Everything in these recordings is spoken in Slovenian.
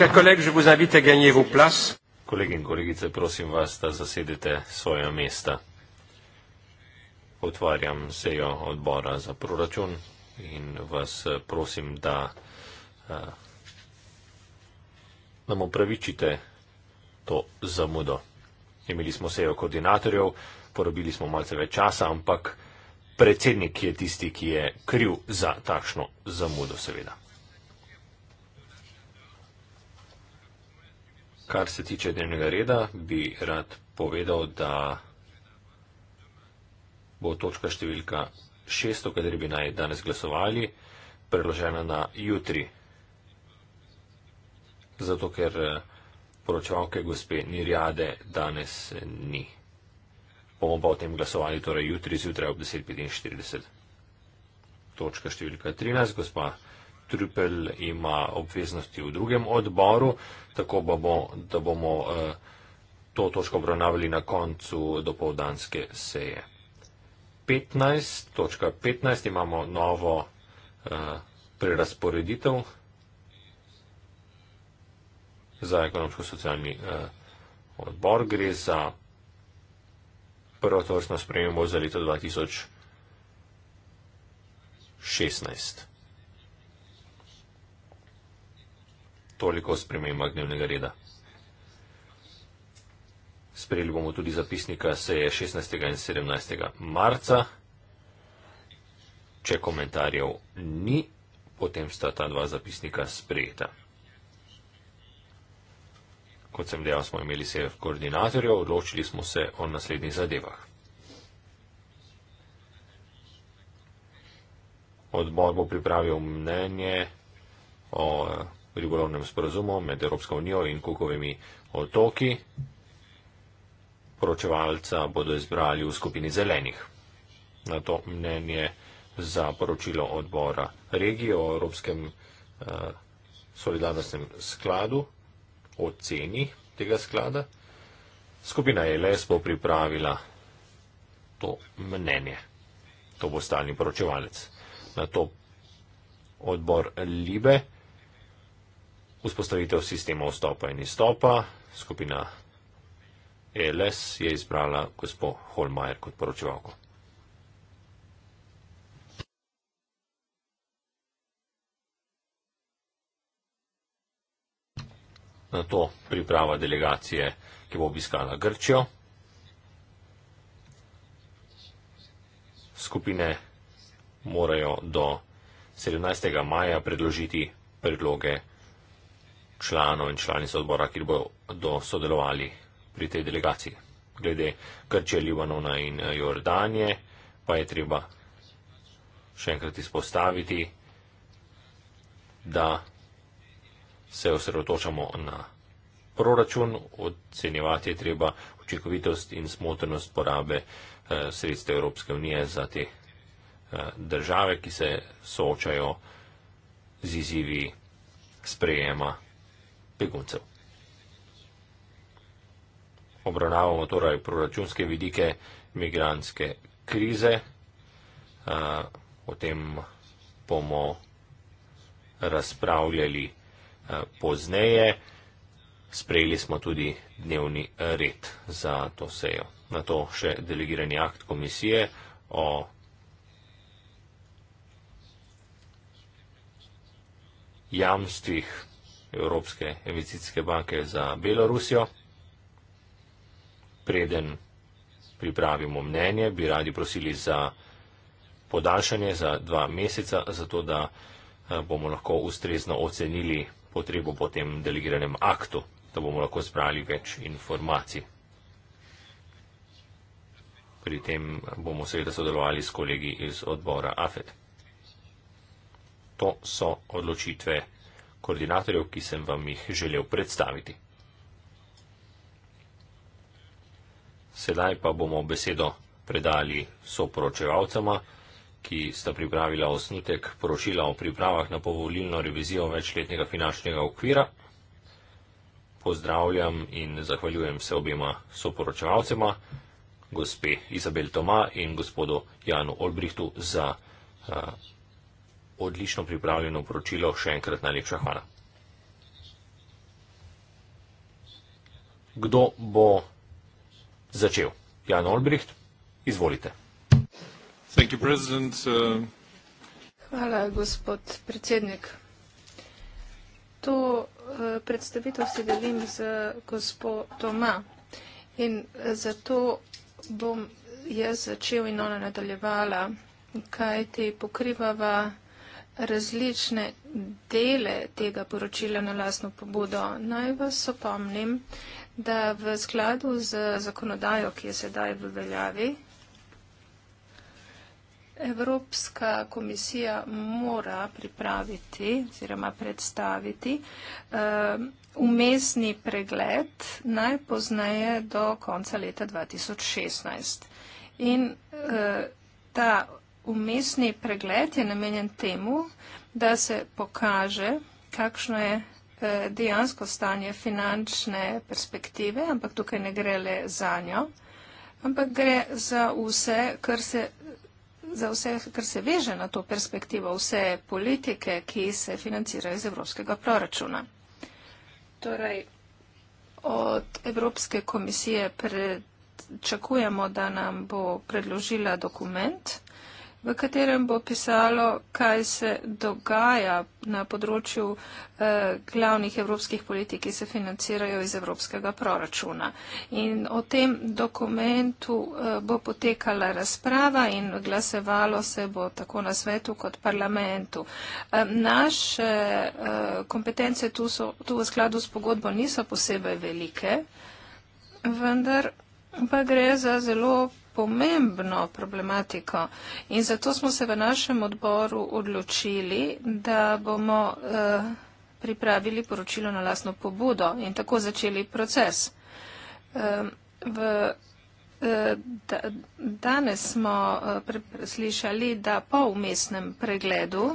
Chers collègues, je vous invite à gagner vos places. Kolegi in kolegice, prosim vas, da zasedete svoje mesta. Otvarjam sejo odbora za proračun in vas eh, prosim, da eh, nam upravičite to zamudo. Imeli smo sejo koordinatorjev, porabili smo malce več časa, ampak predsednik je tisti, ki je kriv za takšno zamudo, seveda. Kar se tiče dnevnega reda, bi rad povedal, da bo točka številka 6, o kateri bi naj danes glasovali, predložena na jutri. Zato, ker eh, poročevalke gospe Nirjade danes eh, ni. Bomo pa o tem glasovali torej jutri zjutraj ob 10.45. Točka številka 13, gospa. Trupel ima obveznosti v drugem odboru, tako bomo, da bomo eh, to točko obravnavali na koncu dopoldanske seje. 15, 15 imamo novo eh, prerasporeditev za ekonomsko-socialni eh, odbor. Gre za prvo tovrstno spremembo za leto 2016. toliko o spremembah dnevnega reda. Sprejeli bomo tudi zapisnika seje 16. in 17. marca. Če komentarjev ni, potem sta ta dva zapisnika sprejeta. Kot sem dejal, smo imeli sejo koordinatorjev, odločili smo se o naslednjih zadevah. Odbor bo pripravil mnenje o ribolovnem sporazumu med Evropsko unijo in Kukovimi otoki. Poročevalca bodo izbrali v skupini zelenih. Na to mnenje za poročilo odbora regije o Evropskem eh, solidarnostnem skladu, o ceni tega sklada. Skupina ELS bo pripravila to mnenje. To bo stalni poročevalec. Na to odbor Libe. Vzpostavitev sistema vstopa in izstopa. Skupina ELS je izbrala gospo Holmajer kot poročevalko. Na to priprava delegacije, ki bo obiskala Grčjo. Skupine morajo do 17. maja predložiti predloge članov in članic odbora, ki bodo sodelovali pri tej delegaciji. Glede Grčije, Libanona in eh, Jordanije pa je treba še enkrat izpostaviti, da se osredotočamo na proračun, ocenjevati je treba učinkovitost in smotrnost porabe eh, sredstev Evropske unije za te eh, države, ki se soočajo z izzivi sprejema beguncev. Obravnavamo torej proračunske vidike migranske krize. O tem bomo razpravljali pozneje. Sprejeli smo tudi dnevni red za to sejo. Na to še delegirani akt komisije o jamstvih Evropske investicijske banke za Belorusijo. Preden pripravimo mnenje, bi radi prosili za podaljšanje za dva meseca, zato da eh, bomo lahko ustrezno ocenili potrebo po tem delegiranem aktu, da bomo lahko zbrali več informacij. Pri tem bomo seveda sodelovali s kolegi iz odbora AFED. To so odločitve koordinatorjev, ki sem vam jih želel predstaviti. Sedaj pa bomo besedo predali soporočevalcama, ki sta pripravila osnutek poročila o pripravah na povolilno revizijo večletnega finančnega okvira. Pozdravljam in zahvaljujem se obima soporočevalcema, gospe Izabel Toma in gospodu Janu Olbrihtu za uh, odlično pripravljeno poročilo. Še enkrat najlepša hvala. Kdo bo začel? Jan Olbricht, izvolite. Thank you, President. Uh... Hvala, gospod predsednik. To uh, predstavitev si delim z gospod Toma in zato bom jaz začel in ona nadaljevala, kaj ti pokrivava različne dele tega poročila na lasno pobudo. Naj vas opomnim, da v skladu z zakonodajo, ki je sedaj v veljavi, Evropska komisija mora pripraviti oziroma predstaviti eh, umestni pregled najpoznaje do konca leta 2016. In eh, ta umestni pregled je namenjen temu, da se pokaže, kakšno je eh, dejansko stanje finančne perspektive, ampak tukaj ne gre le za njo, ampak gre za vse, kar se za vse, kar se veže na to perspektivo, vse politike, ki se financirajo iz evropskega proračuna. Torej, od Evropske komisije pričakujemo, da nam bo predložila dokument, v katerem bo pisalo, kaj se dogaja na področju eh, glavnih evropskih politik, ki se financirajo iz evropskega proračuna. In o tem dokumentu eh, bo potekala razprava in glasevalo se bo tako na svetu kot parlamentu. Eh, naše eh, kompetence tu, so, tu v skladu s pogodbo niso posebej velike, vendar pa gre za zelo pomembno problematiko in zato smo se v našem odboru odločili, da bomo eh, pripravili poročilo na lasno pobudo in tako začeli proces. Eh, v, eh, da, danes smo eh, slišali, da po umestnem pregledu,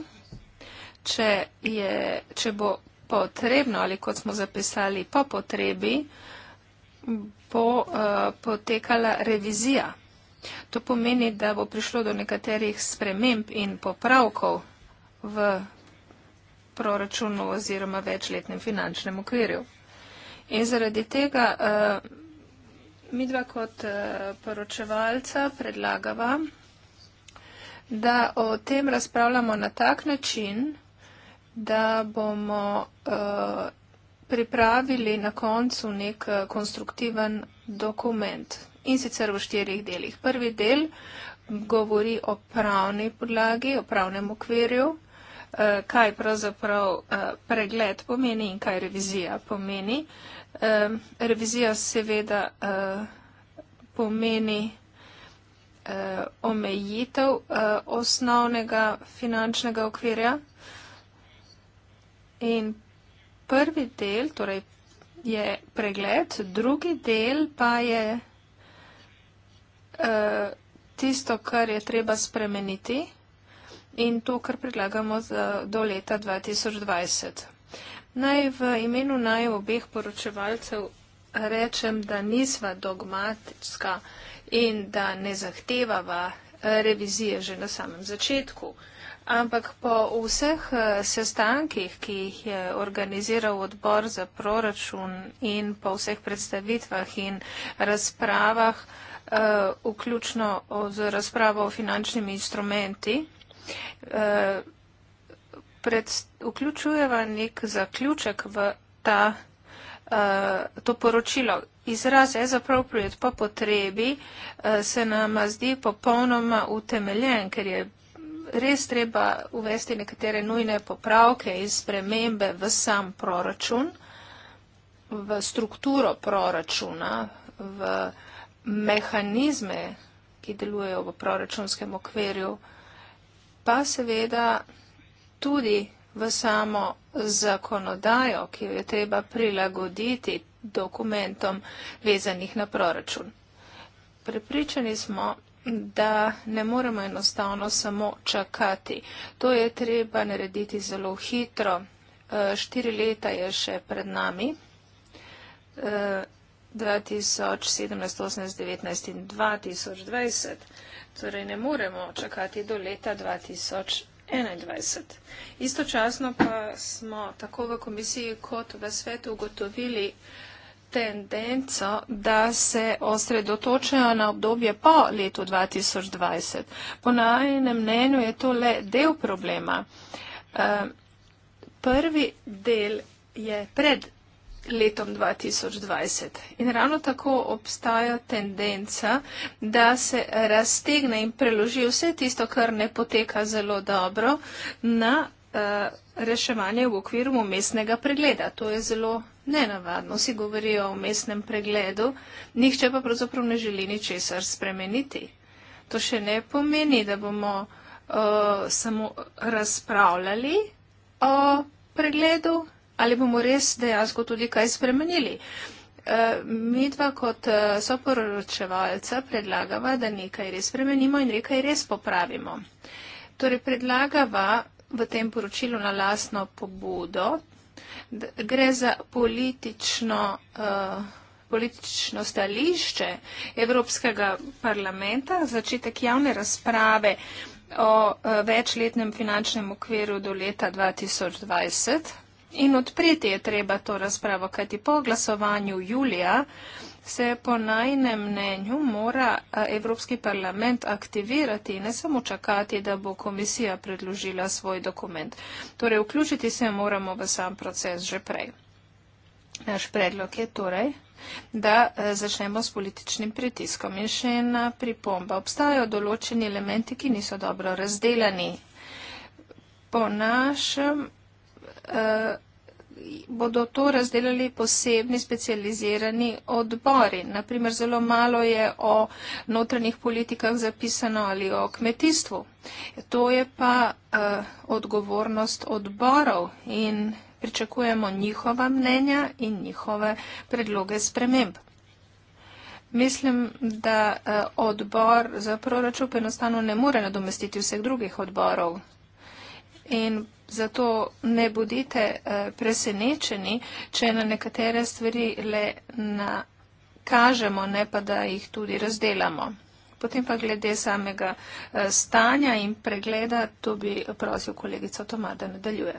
če, je, če bo potrebno ali kot smo zapisali po potrebi, bo uh, potekala revizija To pomeni, da bo prišlo do nekaterih sprememb in popravkov v proračunu oziroma večletnem finančnem okvirju. In zaradi tega eh, mi dva kot eh, poročevalca predlagava, da o tem razpravljamo na tak način, da bomo eh, pripravili na koncu nek konstruktiven dokument in sicer v štirih delih. Prvi del govori o pravni podlagi, o pravnem okvirju, eh, kaj pravzaprav eh, pregled pomeni in kaj revizija pomeni. Eh, revizija seveda pomeni omejitev osnovnega finančnega okvirja. In prvi del torej je pregled, drugi del pa je Eh, tisto, kar je treba spremeniti in to, kar predlagamo za, do leta 2020. Naj v imenu naj obeh poročevalcev rečem, da nisva dogmatska in da ne zahtevava eh, revizije že na samem začetku. Ampak po vseh eh, sestankih, ki jih je organiziral odbor za proračun in po vseh predstavitvah in razpravah, uh, Eh, vključno z razpravo o finančnimi instrumenti, eh, pred, vključujeva nek zaključek v ta, eh, to poročilo. Izraz as appropriate po potrebi se nam zdi popolnoma utemeljen, ker je res treba uvesti nekatere nujne popravke in spremembe v sam proračun, v strukturo proračuna, v mehanizme, ki delujejo v proračunskem okvirju, pa seveda tudi v samo zakonodajo, ki jo je treba prilagoditi dokumentom vezanih na proračun. Prepričani smo, da ne moremo enostavno samo čakati. To je treba narediti zelo hitro. E, štiri leta je še pred nami. E, 2017, 18, 19 in 2020. Torej ne moremo čakati do leta 2021. Istočasno pa smo tako v komisiji kot v svetu ugotovili tendenco, da se osredotočajo na obdobje po letu 2020. Po najnem mnenju je to le del problema. Eh, prvi del je pred letom 2020. In ravno tako obstaja tendenca, da se raztegne in preloži vse tisto, kar ne poteka zelo dobro, na uh, reševanje v okviru umestnega pregleda. To je zelo nenavadno. Vsi govorijo o umestnem pregledu, nihče pa pravzaprav ne želi ničesar spremeniti. To še ne pomeni, da bomo uh, samo razpravljali o pregledu, ali bomo res dejansko tudi kaj spremenili. Eh, mi dva kot eh, soporočevalca predlagava, da nekaj res spremenimo in nekaj res popravimo. Torej predlagava v tem poročilu na lastno pobudo, gre za politično, uh, politično stališče Evropskega parlamenta, začetek javne razprave o uh, večletnem finančnem okviru do leta 2020, In odpreti je treba to razpravo, kajti po glasovanju julija se po najnem mnenju mora Evropski parlament aktivirati in ne samo čakati, da bo komisija predložila svoj dokument. Torej, vključiti se moramo v sam proces že prej. Naš predlog je torej, da začnemo s političnim pritiskom. In še ena pripomba. Obstajajo določeni elementi, ki niso dobro razdelani. Po našem. Uh, bodo to razdelali posebni specializirani odbori. Naprimer, zelo malo je o notranjih politikah zapisano ali o kmetijstvu. To je pa uh, odgovornost odborov in pričakujemo njihova mnenja in njihove predloge sprememb. Mislim, da uh, odbor za proračun enostavno ne more nadomestiti vseh drugih odborov. In Zato ne bodite eh, presenečeni, če na nekatere stvari le kažemo, ne pa da jih tudi razdelamo. Potem pa glede samega eh, stanja in pregleda, to bi prosil kolegico Toma, da nadaljuje.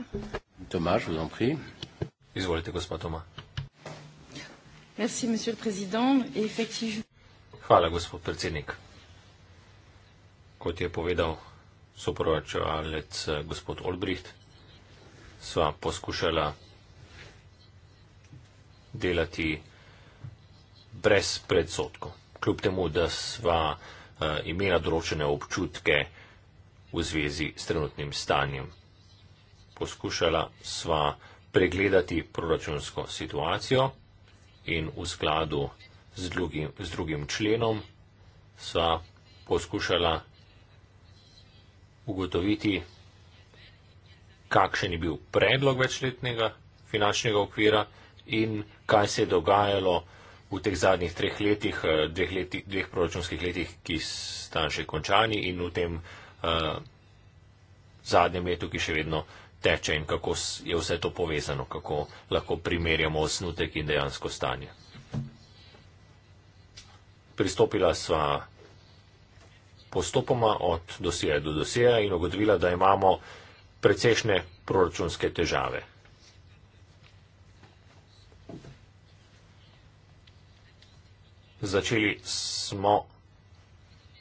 Tomaš, vzom pri. Izvolite, gospod Toma. Merci, monsieur le président. Effectivement... Hvala, gospod predsednik. Kot je povedal soporočevalec eh, gospod Olbricht, sva poskušala delati brez predsotkov, kljub temu, da sva eh, imela določene občutke v zvezi s trenutnim stanjem. Poskušala sva pregledati proračunsko situacijo in v skladu z drugim, z drugim členom sva poskušala ugotoviti, kakšen je bil predlog večletnega finančnega okvira in kaj se je dogajalo v teh zadnjih treh letih, eh, dveh, leti, dveh proračunskih letih, ki sta še končani in v tem uh, zadnjem letu, ki še vedno teče in kako je vse to povezano, kako lahko primerjamo osnutek in dejansko stanje. Pristopila sva postopoma od dosija do dosija in ugotovila, da imamo precejšnje proračunske težave. Začeli smo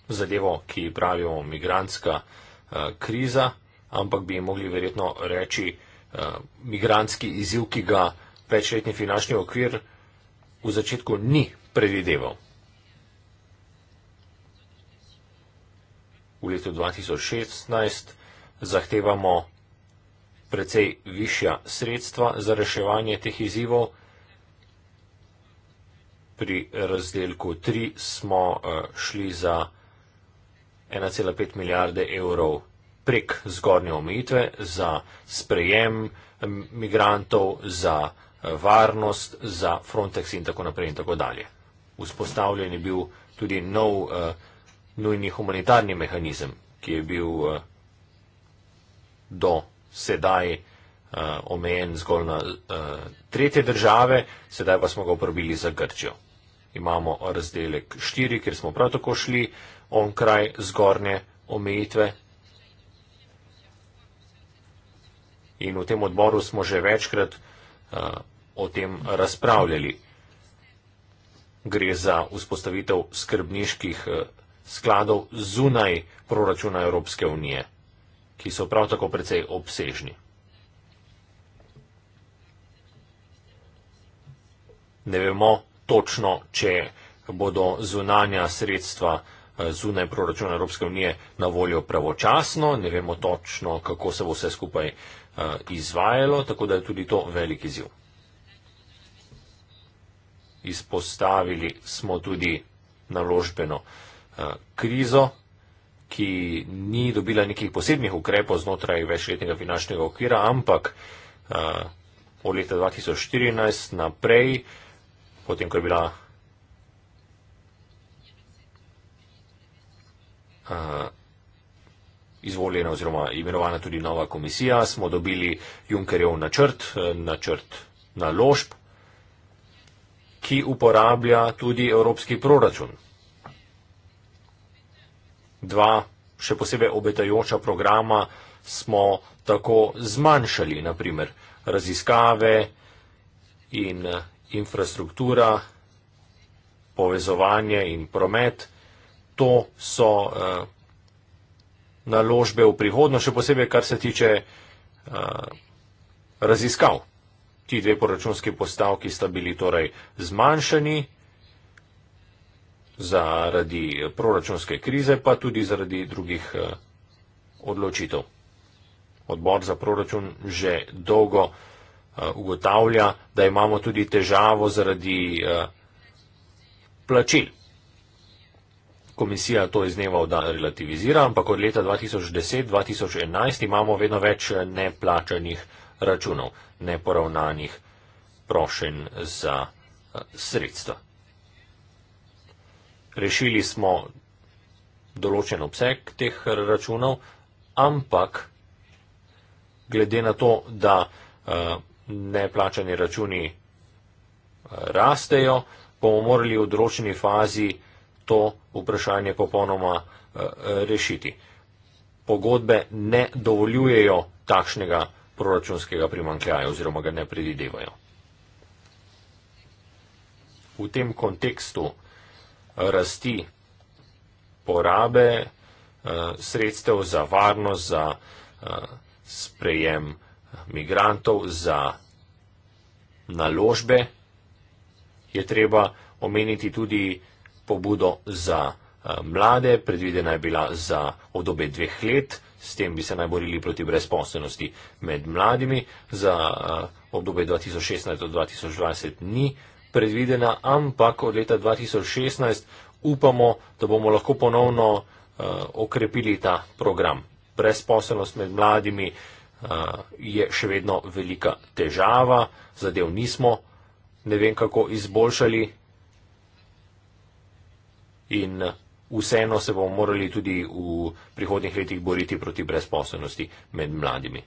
zadevo, ki pravimo migranska eh, kriza, ampak bi mogli verjetno reči eh, migranski izziv, ki ga večletni finančni okvir v začetku ni predvideval. v letu 2016 zahtevamo precej višja sredstva za reševanje teh izzivov. Pri razdelku 3 smo eh, šli za 1,5 milijarde evrov prek zgornje omejitve za sprejem migrantov, za eh, varnost, za Frontex in tako naprej in tako dalje. Vzpostavljen je bil tudi nov uh, nujni humanitarni mehanizem, ki je bil eh, do sedaj eh, omejen zgolj na eh, tretje države, sedaj pa smo ga uporabili za Grčijo. Imamo razdelek 4, kjer smo prav tako šli on kraj zgornje omejitve. In v tem odboru smo že večkrat uh, o tem razpravljali. Gre za vzpostavitev skrbniških uh, skladov zunaj proračuna Evropske unije, ki so prav tako precej obsežni. Ne vemo točno, če bodo zunanja sredstva eh, zunaj proračuna Evropske unije na voljo pravočasno, ne vemo točno, kako se bo vse skupaj eh, izvajalo, tako da je tudi to velik izziv. Izpostavili smo tudi naložbeno. Eh, krizo, ki ni dobila nekih posebnih ukrepov znotraj večletnega finančnega okvira, ampak eh, od leta 2014 naprej, potem, ko je bila eh, izvoljena oziroma imenovana tudi nova komisija, smo dobili Junkerjev načrt, načrt naložb, ki uporablja tudi evropski proračun dva še posebej obetajoča programa smo tako zmanjšali, naprimer raziskave in eh, infrastruktura, povezovanje in promet. To so eh, naložbe v prihodno, še posebej kar se tiče eh, raziskav. Ti dve poračunski postavki sta bili torej zmanjšani zaradi proračunske krize, pa tudi zaradi drugih eh, odločitev. Odbor za proračun že dolgo eh, ugotavlja, da imamo tudi težavo zaradi eh, plačil. Komisija to iz dneva relativizira, ampak od leta 2010-2011 imamo vedno več neplačanih računov, neporavnanih prošen za sredstva rešili smo določen obseg teh računov, ampak glede na to, da eh, neplačani računi eh, rastejo, bomo morali v določeni fazi to vprašanje popolnoma eh, rešiti. Pogodbe ne dovoljujejo takšnega proračunskega primankljaja oziroma ga ne predidevajo. V tem kontekstu rasti porabe eh, sredstev za varnost, za eh, sprejem migrantov, za naložbe. Je treba omeniti tudi pobudo za eh, mlade, predvidena je bila za odobje dveh let, s tem bi se naj borili proti brezposobnosti med mladimi, za odobje 2016-2020 ni predvidena, ampak od leta 2016 upamo, da bomo lahko ponovno uh, okrepili ta program. Presposobnost med mladimi uh, je še vedno velika težava, zadev nismo, ne vem kako izboljšali in vseeno se bomo morali tudi v prihodnih letih boriti proti presposobnosti med mladimi.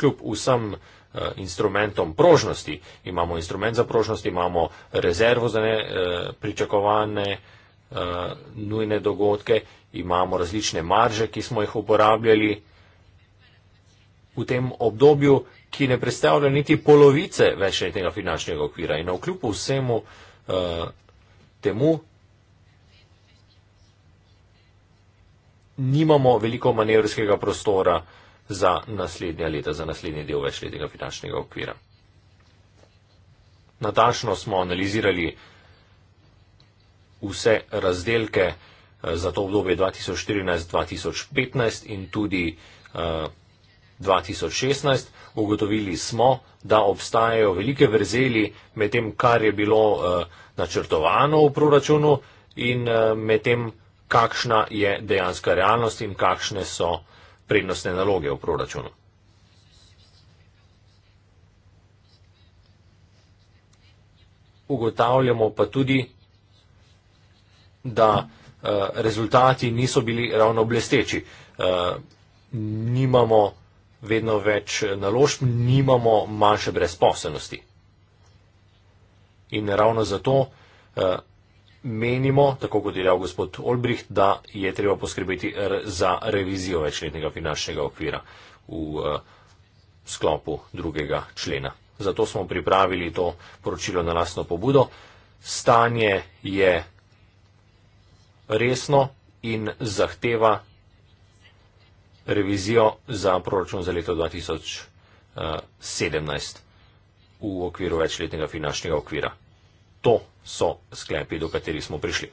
Kljub vsem uh, Eh, instrumentom prožnosti. Imamo instrument za prožnost, imamo rezervo za ne, eh, pričakovane eh, nujne dogodke, imamo različne marže, ki smo jih uporabljali v tem obdobju, ki ne predstavlja niti polovice večletnega finančnega okvira. In vkljub vsemu temu nimamo veliko manevrskega prostora, za naslednja leta, za naslednji del večletnega finančnega okvira. Natančno smo analizirali vse razdelke eh, za to obdobje 2014-2015 in tudi uh, eh, 2016. Ugotovili smo, da obstajajo velike vrzeli med tem, kar je bilo uh, načrtovano v proračunu in uh, med tem, kakšna je dejanska realnost in kakšne so uh, prednostne naloge v proračunu. Ugotavljamo pa tudi, da eh, rezultati niso bili ravno blesteči. Eh, nimamo vedno več naložb, nimamo manjše brezposobnosti. In ravno zato eh, menimo, tako kot je dejal gospod Olbricht, da je treba poskrbeti za revizijo večletnega finančnega okvira v eh, sklopu drugega člena. Zato smo pripravili to poročilo na lasno pobudo. Stanje je resno in zahteva revizijo za proračun za leto 2017 eh, v okviru večletnega finančnega okvira to so sklepi, do katerih smo prišli.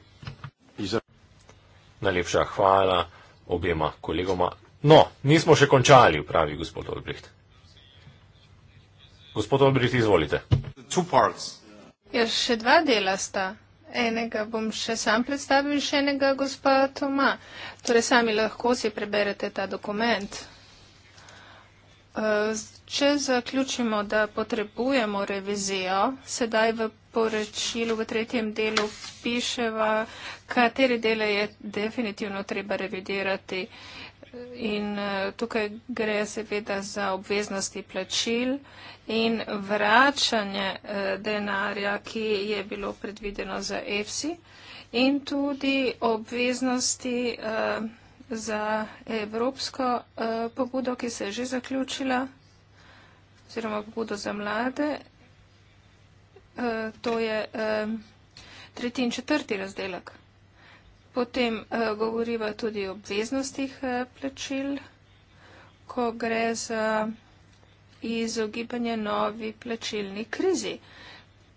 Najlepša hvala objema kolegoma. No, nismo še končali, pravi gospod Olbricht. Gospod Olbricht, izvolite. Ja, še dva dela sta. Enega bom še sam predstavil in še enega gospa Toma. Torej, sami lahko si preberete ta dokument. Eh, če zaključimo, da potrebujemo revizijo, sedaj v poročilu v tretjem delu piševa, katere dele je definitivno treba revidirati. In eh, tukaj gre seveda za obveznosti plačil in vračanje eh, denarja, ki je bilo predvideno za EFSI in tudi obveznosti eh, za evropsko pobudo, ki se je že zaključila oziroma pobudo za mlade Eh, to je tretji in četrti razdelek. Potem eh, govoriva tudi o obveznostih eh, plačil, ko gre za izogibanje novi plačilni krizi,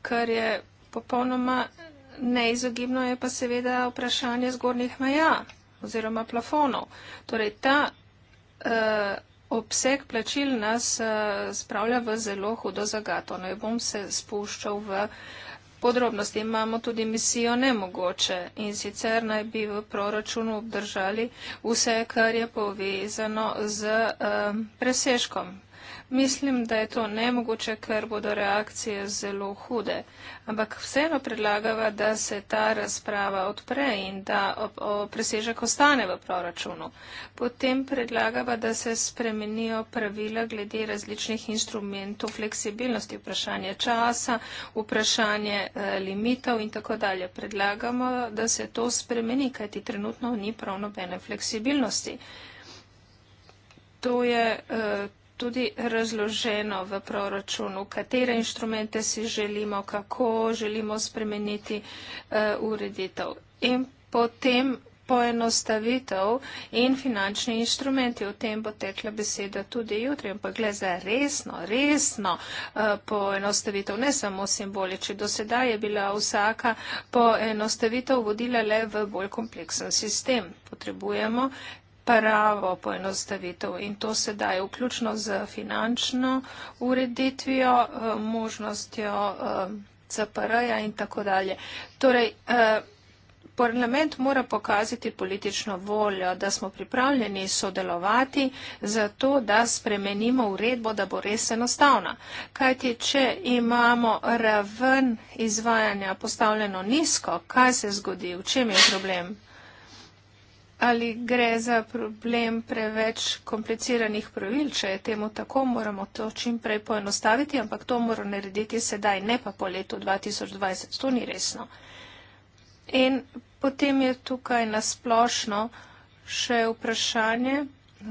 kar je popolnoma neizogibno, je pa seveda vprašanje zgornjih meja oziroma plafonov. Torej ta Obseg plačil nas eh, spravlja v zelo hudo zagato. Ne bom se spuščal v podrobnosti. Imamo tudi misijo nemogoče in sicer naj bi v proračunu obdržali vse, kar je povezano z eh, presežkom Mislim, da je to nemogoče, ker bodo reakcije zelo hude. Ampak vseeno predlagava, da se ta razprava odpre in da ob, ob presežek ostane v proračunu. Potem predlagava, da se spremenijo pravila glede različnih instrumentov fleksibilnosti, vprašanje časa, vprašanje eh, limitov in tako dalje. Predlagamo, da se to spremeni, kajti trenutno ni prav nobene fleksibilnosti. To je. Eh, tudi razloženo v proračunu, katere inštrumente si želimo, kako želimo spremeniti uh, ureditev. In potem poenostavitev in finančni inštrumenti. O tem bo tekla beseda tudi jutri. Ampak gre za resno, resno uh, poenostavitev, ne samo simbolično. Do sedaj je bila vsaka poenostavitev vodila le v bolj kompleksen sistem. Potrebujemo pravo poenostavitev in to se daje vključno z finančno ureditvijo, eh, možnostjo eh, CPR-ja in tako dalje. Torej, eh, parlament mora pokazati politično voljo, da smo pripravljeni sodelovati za to, da spremenimo uredbo, da bo res enostavna. Kajti, če imamo raven izvajanja postavljeno nizko, kaj se zgodi, v čem je problem? Ali gre za problem preveč kompliciranih pravil, če je temu tako, moramo to čim prej poenostaviti, ampak to moramo narediti sedaj, ne pa po letu 2020. To ni resno. In potem je tukaj nasplošno še vprašanje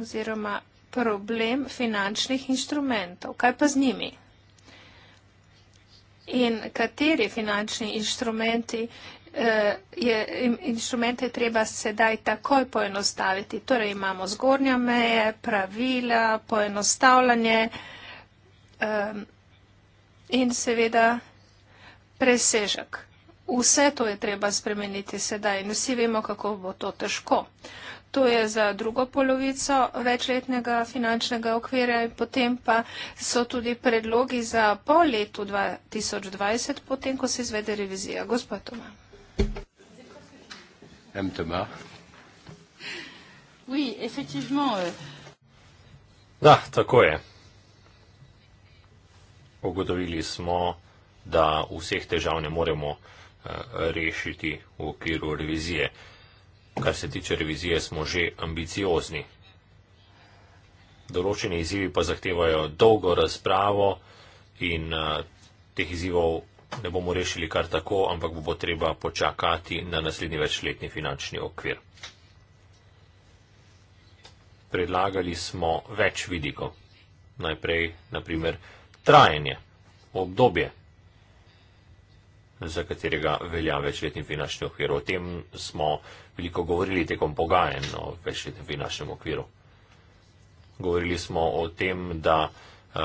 oziroma problem finančnih inštrumentov. Kaj pa z njimi? In kateri finančni inštrumenti Eh, je, inštrumente treba sedaj takoj poenostaviti. Torej imamo zgornja meje, pravila, poenostavljanje in seveda presežek. Vse to je treba spremeniti sedaj in vsi vemo, kako bo to težko. To je za drugo polovico večletnega finančnega okvirja in potem pa so tudi predlogi za pol letu 2020, potem ko se izvede revizija. Gospod Toma. Madame Thomas. Oui, effectivement. Euh... Da, tako je. Ugotovili smo, da vseh težav ne moremo uh, rešiti v okviru revizije. Kar se tiče revizije, smo že ambiciozni. Določeni izzivi pa zahtevajo dolgo razpravo in uh, teh izzivov ne bomo rešili kar tako, ampak bo treba počakati na naslednji večletni finančni okvir. Predlagali smo več vidikov. Najprej, naprimer, trajanje, obdobje, za katerega velja večletni finančni okvir. O tem smo veliko govorili tekom pogajen o večletnem finančnem okviru. Govorili smo o tem, da eh,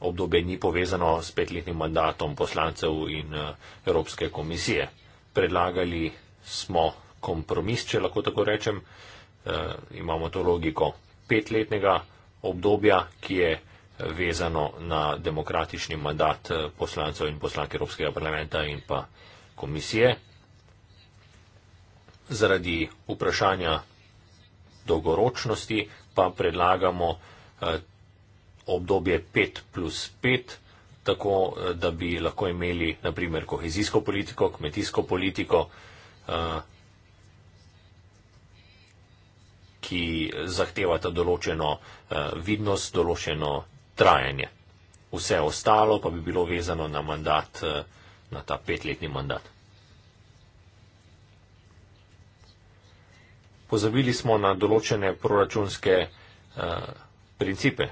obdobje ni povezano s petletnim mandatom poslancev in eh, Evropske komisije. Predlagali smo kompromis, če lahko tako rečem, e, imamo to logiko petletnega obdobja, ki je eh, vezano na demokratični mandat poslancev in poslank Evropskega parlamenta in pa komisije. Zaradi vprašanja dolgoročnosti pa predlagamo obdobje 5 plus 5, tako eh, da bi lahko imeli naprimer kohezijsko politiko, kmetijsko politiko, eh, ki zahtevata določeno eh, vidnost, določeno trajanje. Vse ostalo pa bi bilo vezano na mandat, na ta petletni mandat. Pozabili smo na določene proračunske eh, principe,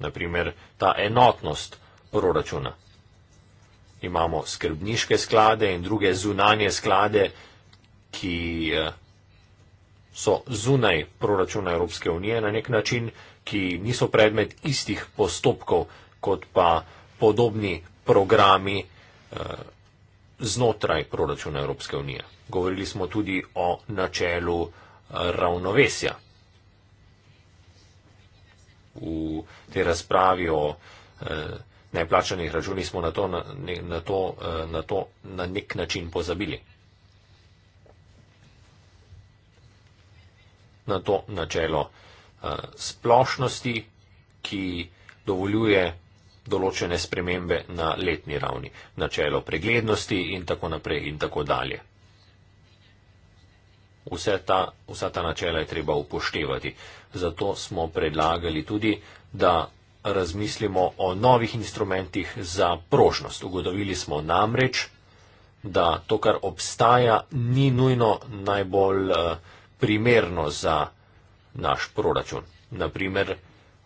naprimer ta enotnost proračuna. Imamo skrbniške sklade in druge zunanje sklade, ki eh, so zunaj proračuna Evropske unije na nek način, ki niso predmet istih postopkov kot pa podobni programi eh, znotraj proračuna Evropske unije. Govorili smo tudi o načelu eh, ravnovesja v tej razpravi o eh, neplačanih računih smo na to na, na, to, eh, na to na nek način pozabili. Na to načelo eh, splošnosti, ki dovoljuje določene spremembe na letni ravni, načelo preglednosti in tako naprej in tako dalje. Vse ta, vsa ta načela je treba upoštevati. Zato smo predlagali tudi, da razmislimo o novih instrumentih za prožnost. Ugotovili smo namreč, da to, kar obstaja, ni nujno najbolj eh, primerno za naš proračun. Naprimer,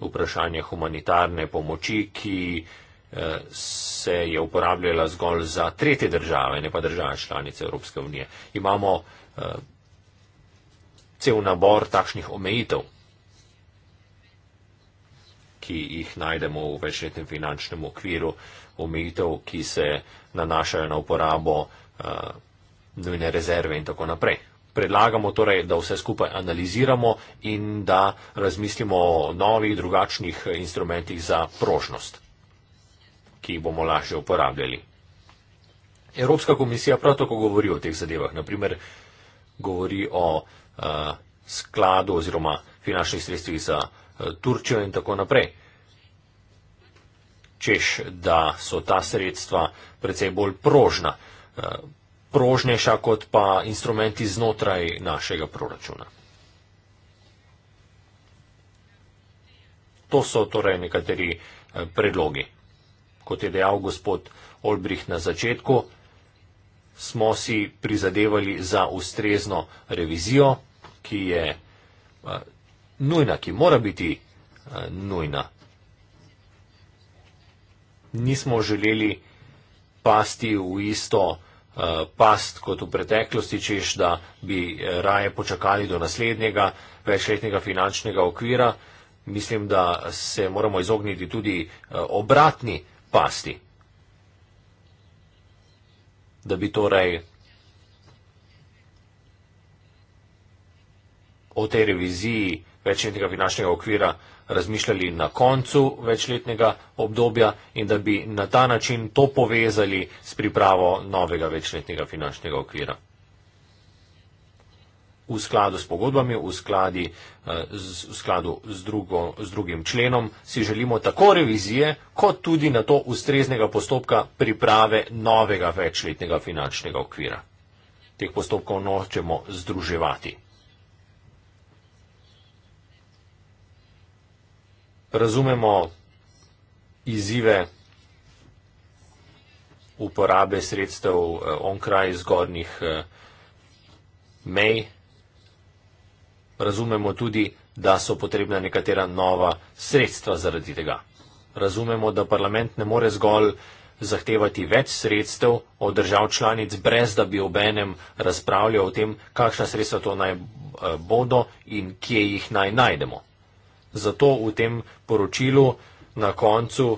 vprašanje humanitarne pomoči, ki eh, se je uporabljala zgolj za tretje države, ne pa države članice Evropske unije. Imamo eh, cel nabor takšnih omejitev, ki jih najdemo v večletnem finančnem okviru, omejitev, ki se nanašajo na uporabo uh, nujne rezerve in tako naprej. Predlagamo torej, da vse skupaj analiziramo in da razmislimo o novih, drugačnih instrumentih za prožnost, ki jih bomo lažje uporabljali. Evropska komisija prav tako govori o teh zadevah. Naprimer, govori o uh, uh, skladu oziroma finančnih sredstvih za uh, Turčijo in tako naprej. Češ, da so ta sredstva precej bolj prožna, uh, prožnejša kot pa instrumenti znotraj našega proračuna. To so torej nekateri predlogi. Kot je dejal gospod Olbrih na začetku, smo si prizadevali za ustrezno revizijo, ki je eh, nujna, ki mora biti eh, nujna. Nismo želeli pasti v isto eh, past kot v preteklosti, češ da bi raje počakali do naslednjega večletnega finančnega okvira. Mislim, da se moramo izogniti tudi obratni pasti da bi torej o tej reviziji večletnega finančnega okvira razmišljali na koncu večletnega obdobja in da bi na ta način to povezali s pripravo novega večletnega finančnega okvira v skladu s pogodbami, v, skladi, eh, v skladu z, drugo, z drugim členom, si želimo tako revizije, kot tudi na to ustreznega postopka priprave novega večletnega finančnega okvira. Teh postopkov nočemo združevati. Razumemo izzive uporabe sredstev eh, onkraj zgornjih eh, mej, Razumemo tudi, da so potrebna nekatera nova sredstva zaradi tega. Razumemo, da parlament ne more zgolj zahtevati več sredstev od držav članic, brez da bi obenem razpravljal o tem, kakšna sredstva to naj eh, bodo in kje jih naj najdemo. Zato v tem poročilu na koncu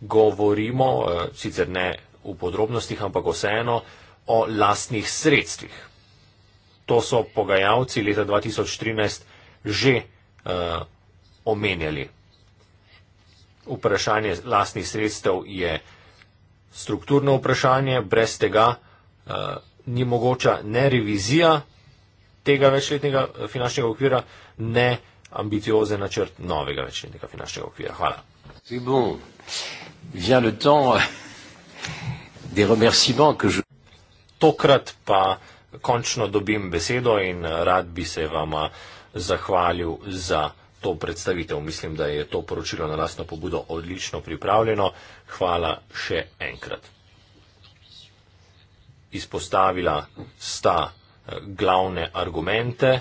govorimo, eh, sicer ne v podrobnostih, ampak vseeno, o lastnih sredstvih to so pogajalci leta 2013 že uh, omenjali. Vprašanje lastnih sredstev je strukturno vprašanje, brez tega uh, ni mogoča ne revizija tega večletnega eh, finančnega okvira, ne ambiciozen načrt novega večletnega finančnega okvira. Hvala. Tokrat pa uh, končno dobim besedo in eh, rad bi se vama zahvalil za to predstavitev. Mislim, da je to poročilo na lastno pobudo odlično pripravljeno. Hvala še enkrat. Izpostavila sta eh, glavne argumente,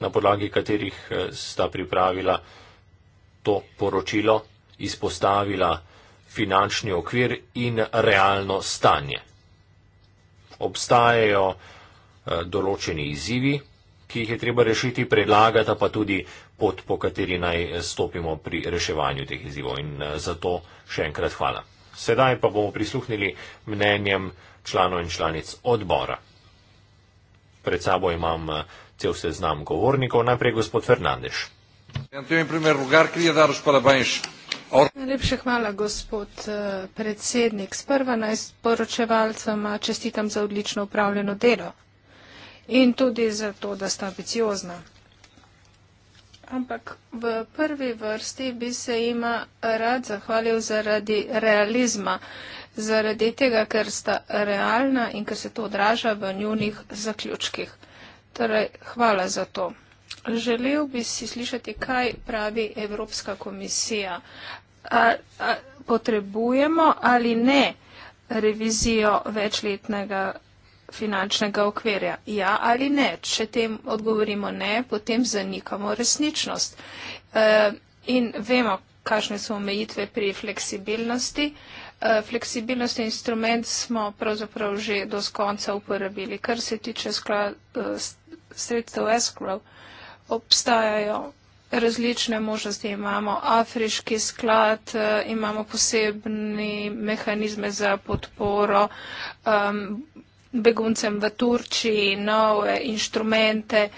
na podlagi katerih eh, sta pripravila to poročilo, izpostavila finančni okvir in realno stanje. Obstajajo Eh, določeni izzivi, ki jih je treba rešiti, predlagata pa tudi pot, po kateri naj stopimo pri reševanju teh izzivov. In eh, zato še enkrat hvala. Sedaj pa bomo prisluhnili mnenjem članov in članic odbora. Pred sabo imam eh, cel seznam govornikov. Najprej gospod Fernandeš. Najlepša hvala, gospod predsednik. Sprva naj sporočevalcem čestitam za odlično upravljeno delo in tudi zato, da sta ambiciozna. Ampak v prvi vrsti bi se ima rad zahvalil zaradi realizma, zaradi tega, ker sta realna in ker se to odraža v njunih zaključkih. Torej, hvala za to. Želel bi si slišati, kaj pravi Evropska komisija. A, a, potrebujemo ali ne revizijo večletnega finančnega okvirja. Ja ali ne? Če tem odgovorimo ne, potem zanikamo resničnost. E, in vemo, kakšne so omejitve pri fleksibilnosti. E, fleksibilnostni instrument smo pravzaprav že do konca uporabili, kar se tiče e, sredstev escrow. Obstajajo različne možnosti. Imamo afriški sklad, e, imamo posebni mehanizme za podporo, um, beguncem v Turčiji nove inštrumente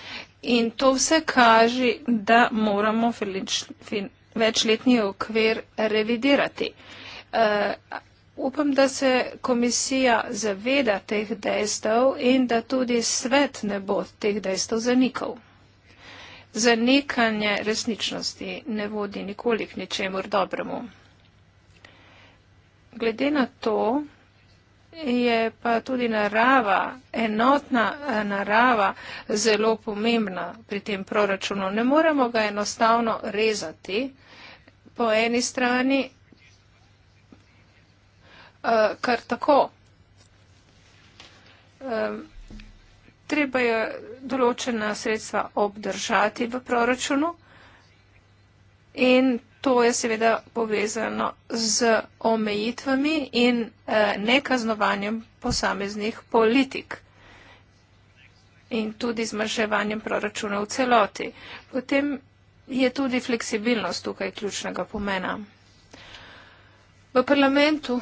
in to vse kaže, da moramo felič, fin, večletni okvir revidirati. E, upam, da se komisija zaveda teh dejstev in da tudi svet ne bo teh dejstev zanikal. Zanikanje resničnosti ne vodi nikoli k ničemur dobremu. Glede na to, je pa tudi narava, enotna eh, narava zelo pomembna pri tem proračunu. Ne moremo ga enostavno rezati po eni strani eh, kar tako. Treba je določena sredstva obdržati v proračunu in To je seveda povezano z omejitvami in eh, nekaznovanjem posameznih politik in tudi zmrževanjem proračuna v celoti. Potem je tudi fleksibilnost tukaj ključnega pomena. V parlamentu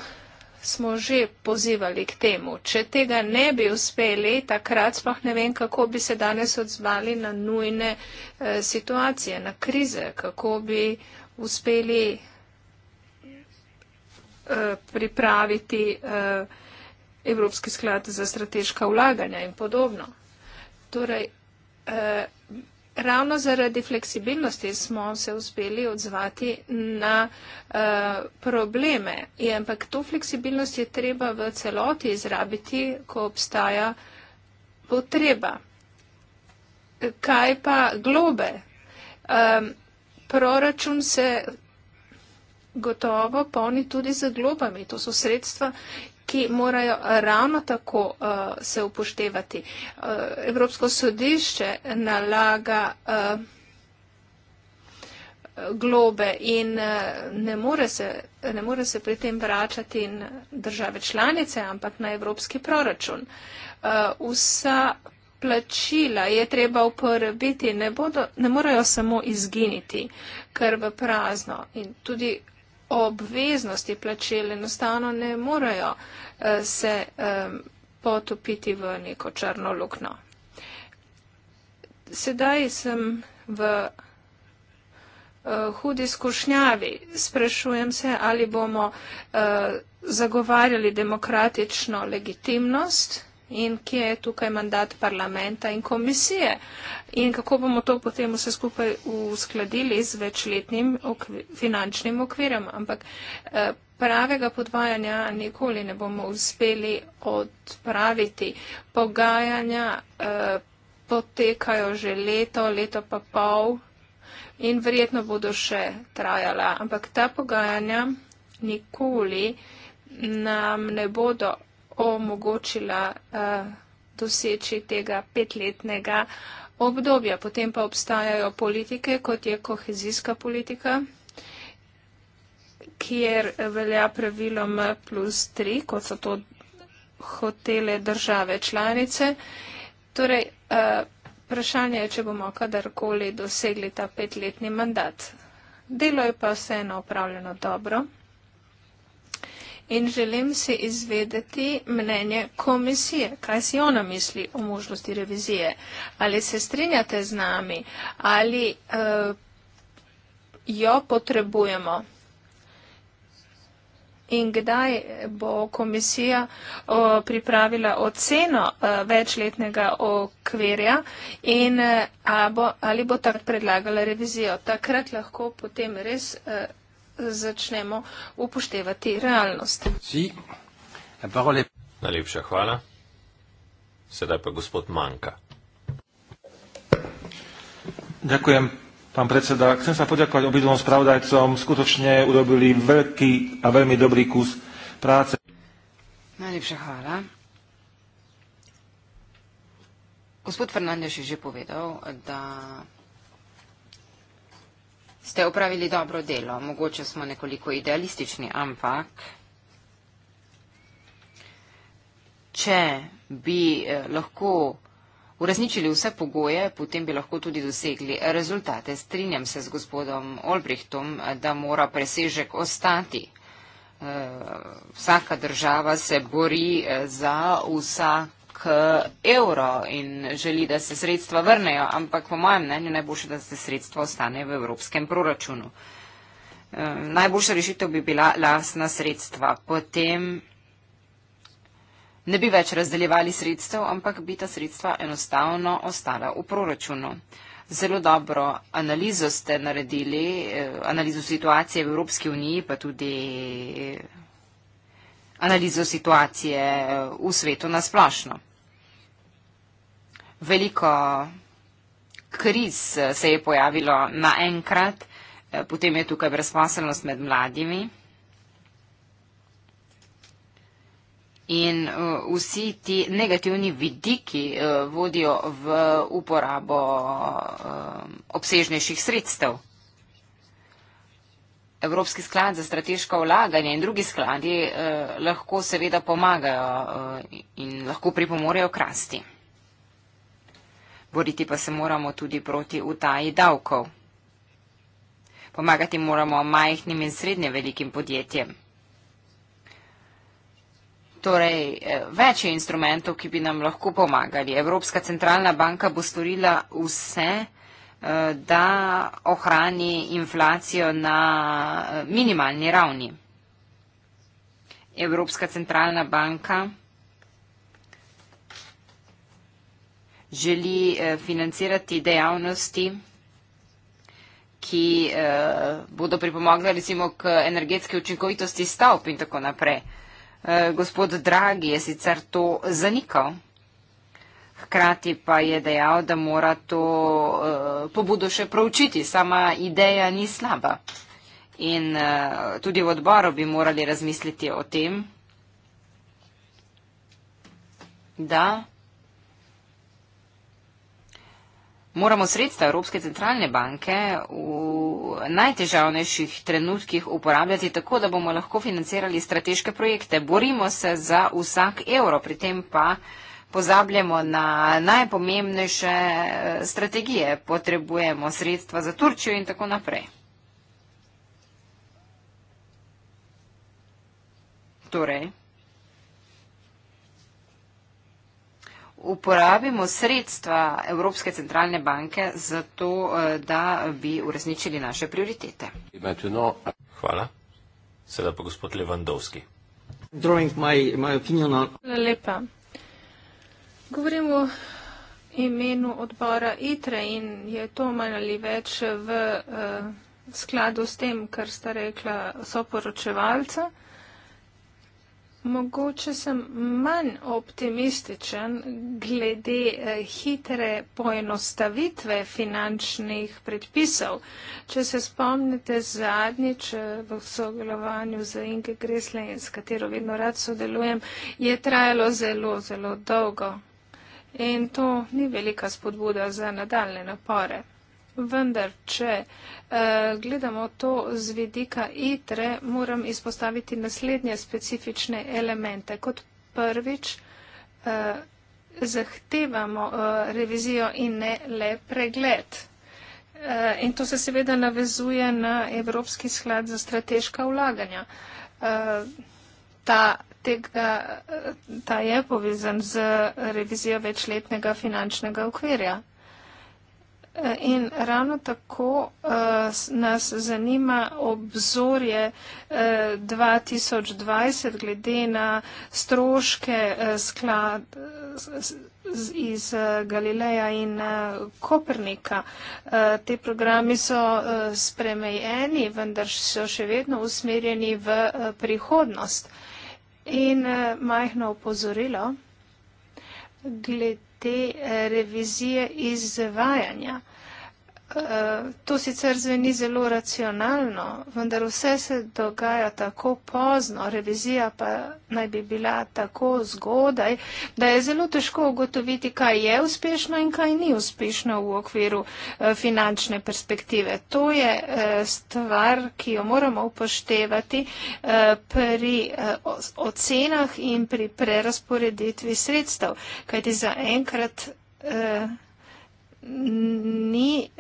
smo že pozivali k temu. Če tega ne bi uspeli, takrat sploh ne vem, kako bi se danes odzvali na nujne eh, situacije, na krize, kako bi uspeli eh, pripraviti eh, Evropski sklad za strateška vlaganja in podobno. Torej, eh, ravno zaradi fleksibilnosti smo se uspeli odzvati na probleme, ampak to fleksibilnost je treba v celoti izrabiti, ko obstaja potreba. Kaj pa globe? proračun se gotovo polni tudi z globami. To so sredstva ki morajo ravno tako uh, se upoštevati. Uh, Evropsko sodišče nalaga uh, globe in uh, ne, more se, ne more se pri tem vračati države članice, ampak na evropski proračun. Uh, vsa plačila je treba uporabiti, ne, bodo, ne morajo samo izginiti, ker v prazno in tudi obveznosti plačil enostavno ne morajo eh, se eh, potopiti v neko črno lukno. Sedaj sem v eh, hudi skušnjavi. Sprašujem se, ali bomo zagovarjali demokratično legitimnost in kje je tukaj mandat parlamenta in komisije in kako bomo to potem vse skupaj uskladili z večletnim okvir, finančnim okvirjem. Ampak eh, pravega podvajanja nikoli ne bomo uspeli odpraviti. Pogajanja eh, potekajo že leto, leto pa pol in verjetno bodo še trajala. Ampak ta pogajanja nikoli nam ne bodo omogočila eh, doseči tega petletnega obdobja. Potem pa obstajajo politike, kot je kohezijska politika, kjer velja pravilo M plus 3, kot so to hotele države članice. Torej, eh, vprašanje je, če bomo kadarkoli dosegli ta petletni mandat. Delo je pa vseeno upravljeno dobro in želim si izvedeti mnenje komisije, kaj si ona misli o možnosti revizije. Ali se strinjate z nami, ali uh, jo potrebujemo in kdaj bo komisija uh, pripravila oceno uh, večletnega okvirja in uh, ali bo takrat predlagala revizijo. Takrat lahko potem res. Uh, začnemo upoštevati realnost. Si. Najlepša hvala. Sedaj pa gospod Manka. Ďakujem, pán predseda. Chcem sa poďakovať obidvom spravodajcom. Skutočne urobili veľký a veľmi dobrý kus práce. Najlepšia chvála. Gospod Fernández je že povedal, da Ste opravili dobro delo, mogoče smo nekoliko idealistični, ampak če bi eh, lahko uresničili vse pogoje, potem bi lahko tudi dosegli rezultate. Strinjam se z gospodom Olbrichtom, da mora presežek ostati. Eh, vsaka država se bori eh, za vsak k evro in želi, da se sredstva vrnejo, ampak po mojem mnenju najboljše, da se sredstva ostane v evropskem proračunu. Ehm, najboljša rešitev bi bila lasna sredstva. Potem ne bi več razdeljevali sredstev, ampak bi ta sredstva enostavno ostala v proračunu. Zelo dobro analizo ste naredili, eh, analizo situacije v Evropski uniji, pa tudi eh, analizo situacije eh, v svetu nasplošno veliko kriz eh, se je pojavilo naenkrat, eh, potem je tukaj brezposelnost med mladimi. In eh, vsi ti negativni vidiki vodijo v uporabo obsežnejših sredstev. Evropski sklad za strateško vlaganje in drugi skladi lahko seveda pomagajo in lahko pripomorejo krasti. Boriti pa se moramo tudi proti utaji davkov. Pomagati moramo majhnim in srednje velikim podjetjem. Torej, eh, več je instrumentov, ki bi nam lahko pomagali. Evropska centralna banka bo storila vse, eh, da ohrani inflacijo na eh, minimalni ravni. Evropska centralna banka. želi eh, financirati dejavnosti, ki eh, bodo pripomogli recimo k energetske učinkovitosti stavb in tako naprej. Eh, gospod Dragi je sicer to zanikal, hkrati pa je dejal, da mora to pobudo še proučiti. Sama ideja ni slaba. In tudi v odboru bi morali razmisliti o tem, da moramo sredstva Evropske centralne banke v najtežavnejših trenutkih uporabljati tako, da bomo lahko financirali strateške projekte. Borimo se za vsak evro, pri tem pa pozabljamo na najpomembnejše eh, strategije. Potrebujemo sredstva za Turčijo in tako naprej. Torej, uporabimo sredstva Evropske centralne banke za to, eh, da bi uresničili naše prioritete. Hvala. Sedaj pa gospod Levandovski. My, my Hvala lepa. Govorimo o imenu odbora ITRE in je to manj ali več v uh, skladu s tem, kar sta rekla soporočevalca. Mogoče sem manj optimističen glede eh, hitre poenostavitve finančnih predpisov. Če se spomnite zadnjič eh, v sodelovanju z Inke Gresle, s katero vedno rad sodelujem, je trajalo zelo, zelo dolgo. In to ni velika spodbuda za nadaljne napore. Vendar, če eh, gledamo to z vidika ITRE, moram izpostaviti naslednje specifične elemente. Kot prvič, eh, zahtevamo eh, revizijo in ne le pregled. Eh, in to se seveda navezuje na Evropski sklad za strateška vlaganja. Eh, ta, tega, eh, ta je povezan z revizijo večletnega finančnega okvirja. In ravno tako uh, nas zanima obzorje uh, eh, 2020 glede na stroške uh, sklad iz uh, Galileja in uh, Kopernika. Uh, te programi so uh, spremejeni, vendar so še vedno usmerjeni v uh, prihodnost. In uh, majhno opozorilo glede te eh, revizije izvajanja. Eh, to sicer zveni zelo racionalno, vendar vse se dogaja tako pozno, revizija pa naj bi bila tako zgodaj, da je zelo težko ugotoviti, kaj je uspešno in kaj ni uspešno v okviru eh, finančne perspektive. To je eh, stvar, ki jo moramo upoštevati pri ocenah in pri prerasporeditvi sredstev, kajti zaenkrat ni,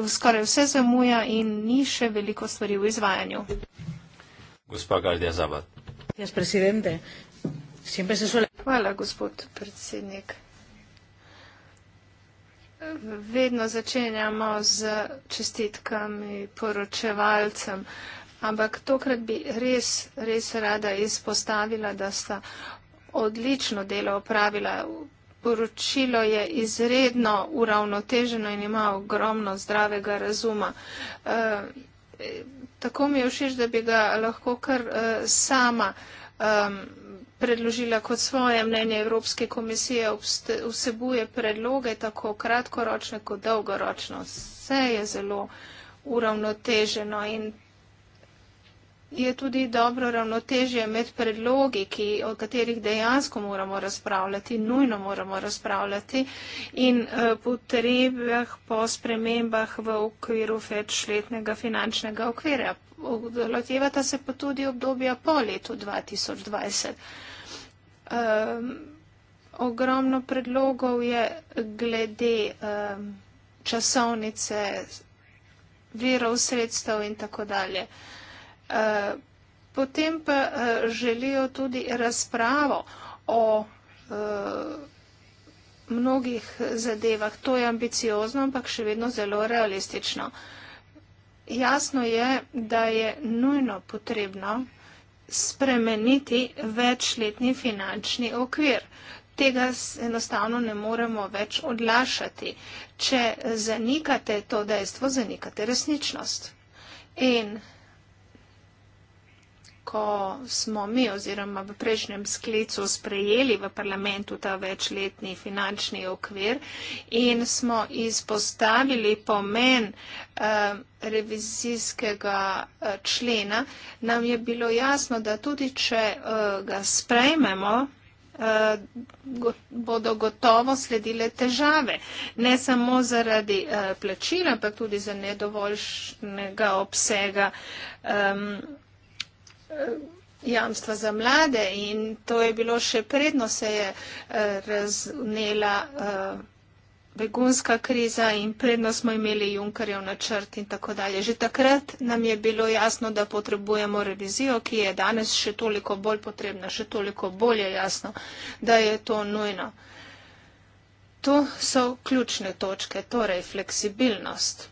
uh, skoraj vse zamuja in ni še veliko stvari v izvajanju. Gospa Galdija Zabat. Jaz presidente. Hvala, gospod predsednik. Vedno začenjamo z čestitkami poročevalcem, ampak tokrat bi res, res rada izpostavila, da sta odlično delo opravila poročilo je izredno uravnoteženo in ima ogromno zdravega razuma. E, tako mi je všeč, da bi ga lahko kar e, sama e, predložila kot svoje mnenje Evropske komisije, obste, vsebuje predloge tako kratkoročne kot dolgoročno. Vse je zelo uravnoteženo in je tudi dobro ravnotežje med predlogi, ki, o katerih dejansko moramo razpravljati, nujno moramo razpravljati in eh, potrebah po spremembah v okviru večletnega finančnega okvira. Lotevata se pa tudi obdobja po letu 2020. Um, ehm, ogromno predlogov je glede um, časovnice, virov sredstev in tako dalje. Eh, potem pa uh, želijo tudi razpravo o uh, mnogih zadevah. To je ambiciozno, ampak še vedno zelo realistično. Jasno je, da je nujno potrebno spremeniti večletni finančni okvir. Tega enostavno ne moremo več odlašati. Če zanikate to dejstvo, zanikate resničnost. In ko smo mi oziroma v prejšnjem sklicu sprejeli v parlamentu ta večletni finančni okvir in smo izpostavili pomen eh, revizijskega eh, člena, nam je bilo jasno, da tudi če eh, ga sprejmemo, bodo gotovo sledile težave. Ne samo zaradi plačila, ampak tudi za nedovoljšnega obsega plačila jamstva za mlade in to je bilo še predno se je eh, raznela eh, begunska kriza in predno smo imeli Junkarjev načrt in tako dalje. Že takrat nam je bilo jasno, da potrebujemo revizijo, ki je danes še toliko bolj potrebna, še toliko bolje jasno, da je to nujno. To so ključne točke, torej fleksibilnost.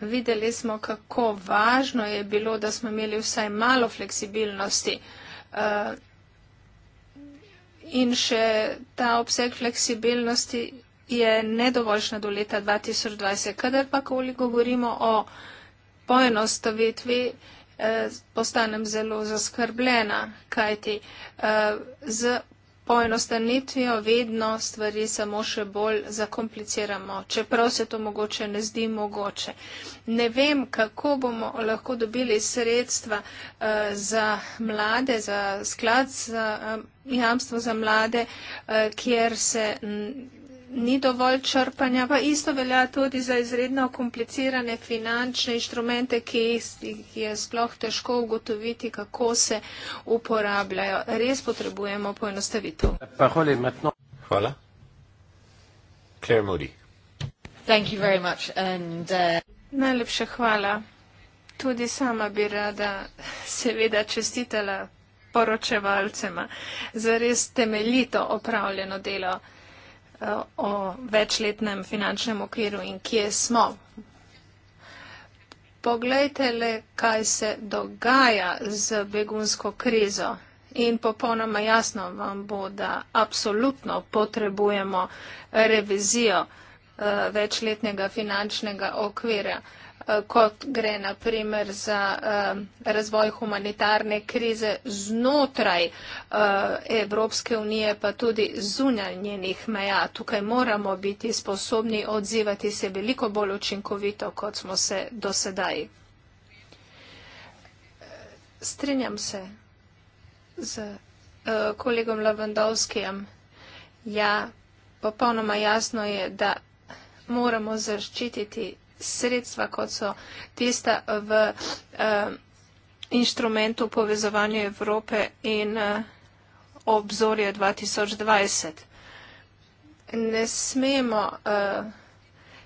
Videli smo, kako važno je bilo, da smo imeli vsaj malo fleksibilnosti. Eh, in še ta obseg fleksibilnosti je nedovoljšna do leta 2020. Kadar pa koli govorimo o poenostavitvi, eh, postanem zelo zaskrbljena, kajti eh, z poenostavitvijo vedno stvari samo še bolj zakompliciramo, čeprav se to mogoče ne zdi mogoče. Ne vem, kako bomo lahko dobili sredstva uh, za mlade, za sklad, za uh, jamstvo za mlade, uh, kjer se. M, ni dovolj črpanja, pa isto velja tudi za izredno komplicirane finančne inštrumente, ki jih je sploh težko ugotoviti, kako se uporabljajo. Res potrebujemo poenostavitev. Hvala. Claire Moody. Thank you very much and, uh... Najlepša hvala. Tudi sama bi rada seveda čestitela poročevalcema za res temeljito opravljeno delo o večletnem finančnem okviru in kje smo. Poglejte le, kaj se dogaja z begunsko krizo. In popolnoma jasno vam bo, da absolutno potrebujemo revizijo eh, večletnega finančnega okvira. Eh, kot gre naprimer za eh, razvoj humanitarne krize znotraj eh, Evropske unije, pa tudi zunaj njenih meja. Tukaj moramo biti sposobni odzivati se veliko bolj učinkovito, kot smo se dosedaj. Strenjam se z kolegom Lavendovskijem. Ja, popolnoma jasno je, da moramo zaščititi sredstva, kot so tista v uh, inštrumentu povezovanja Evrope in uh, obzorje 2020. Ne smemo uh,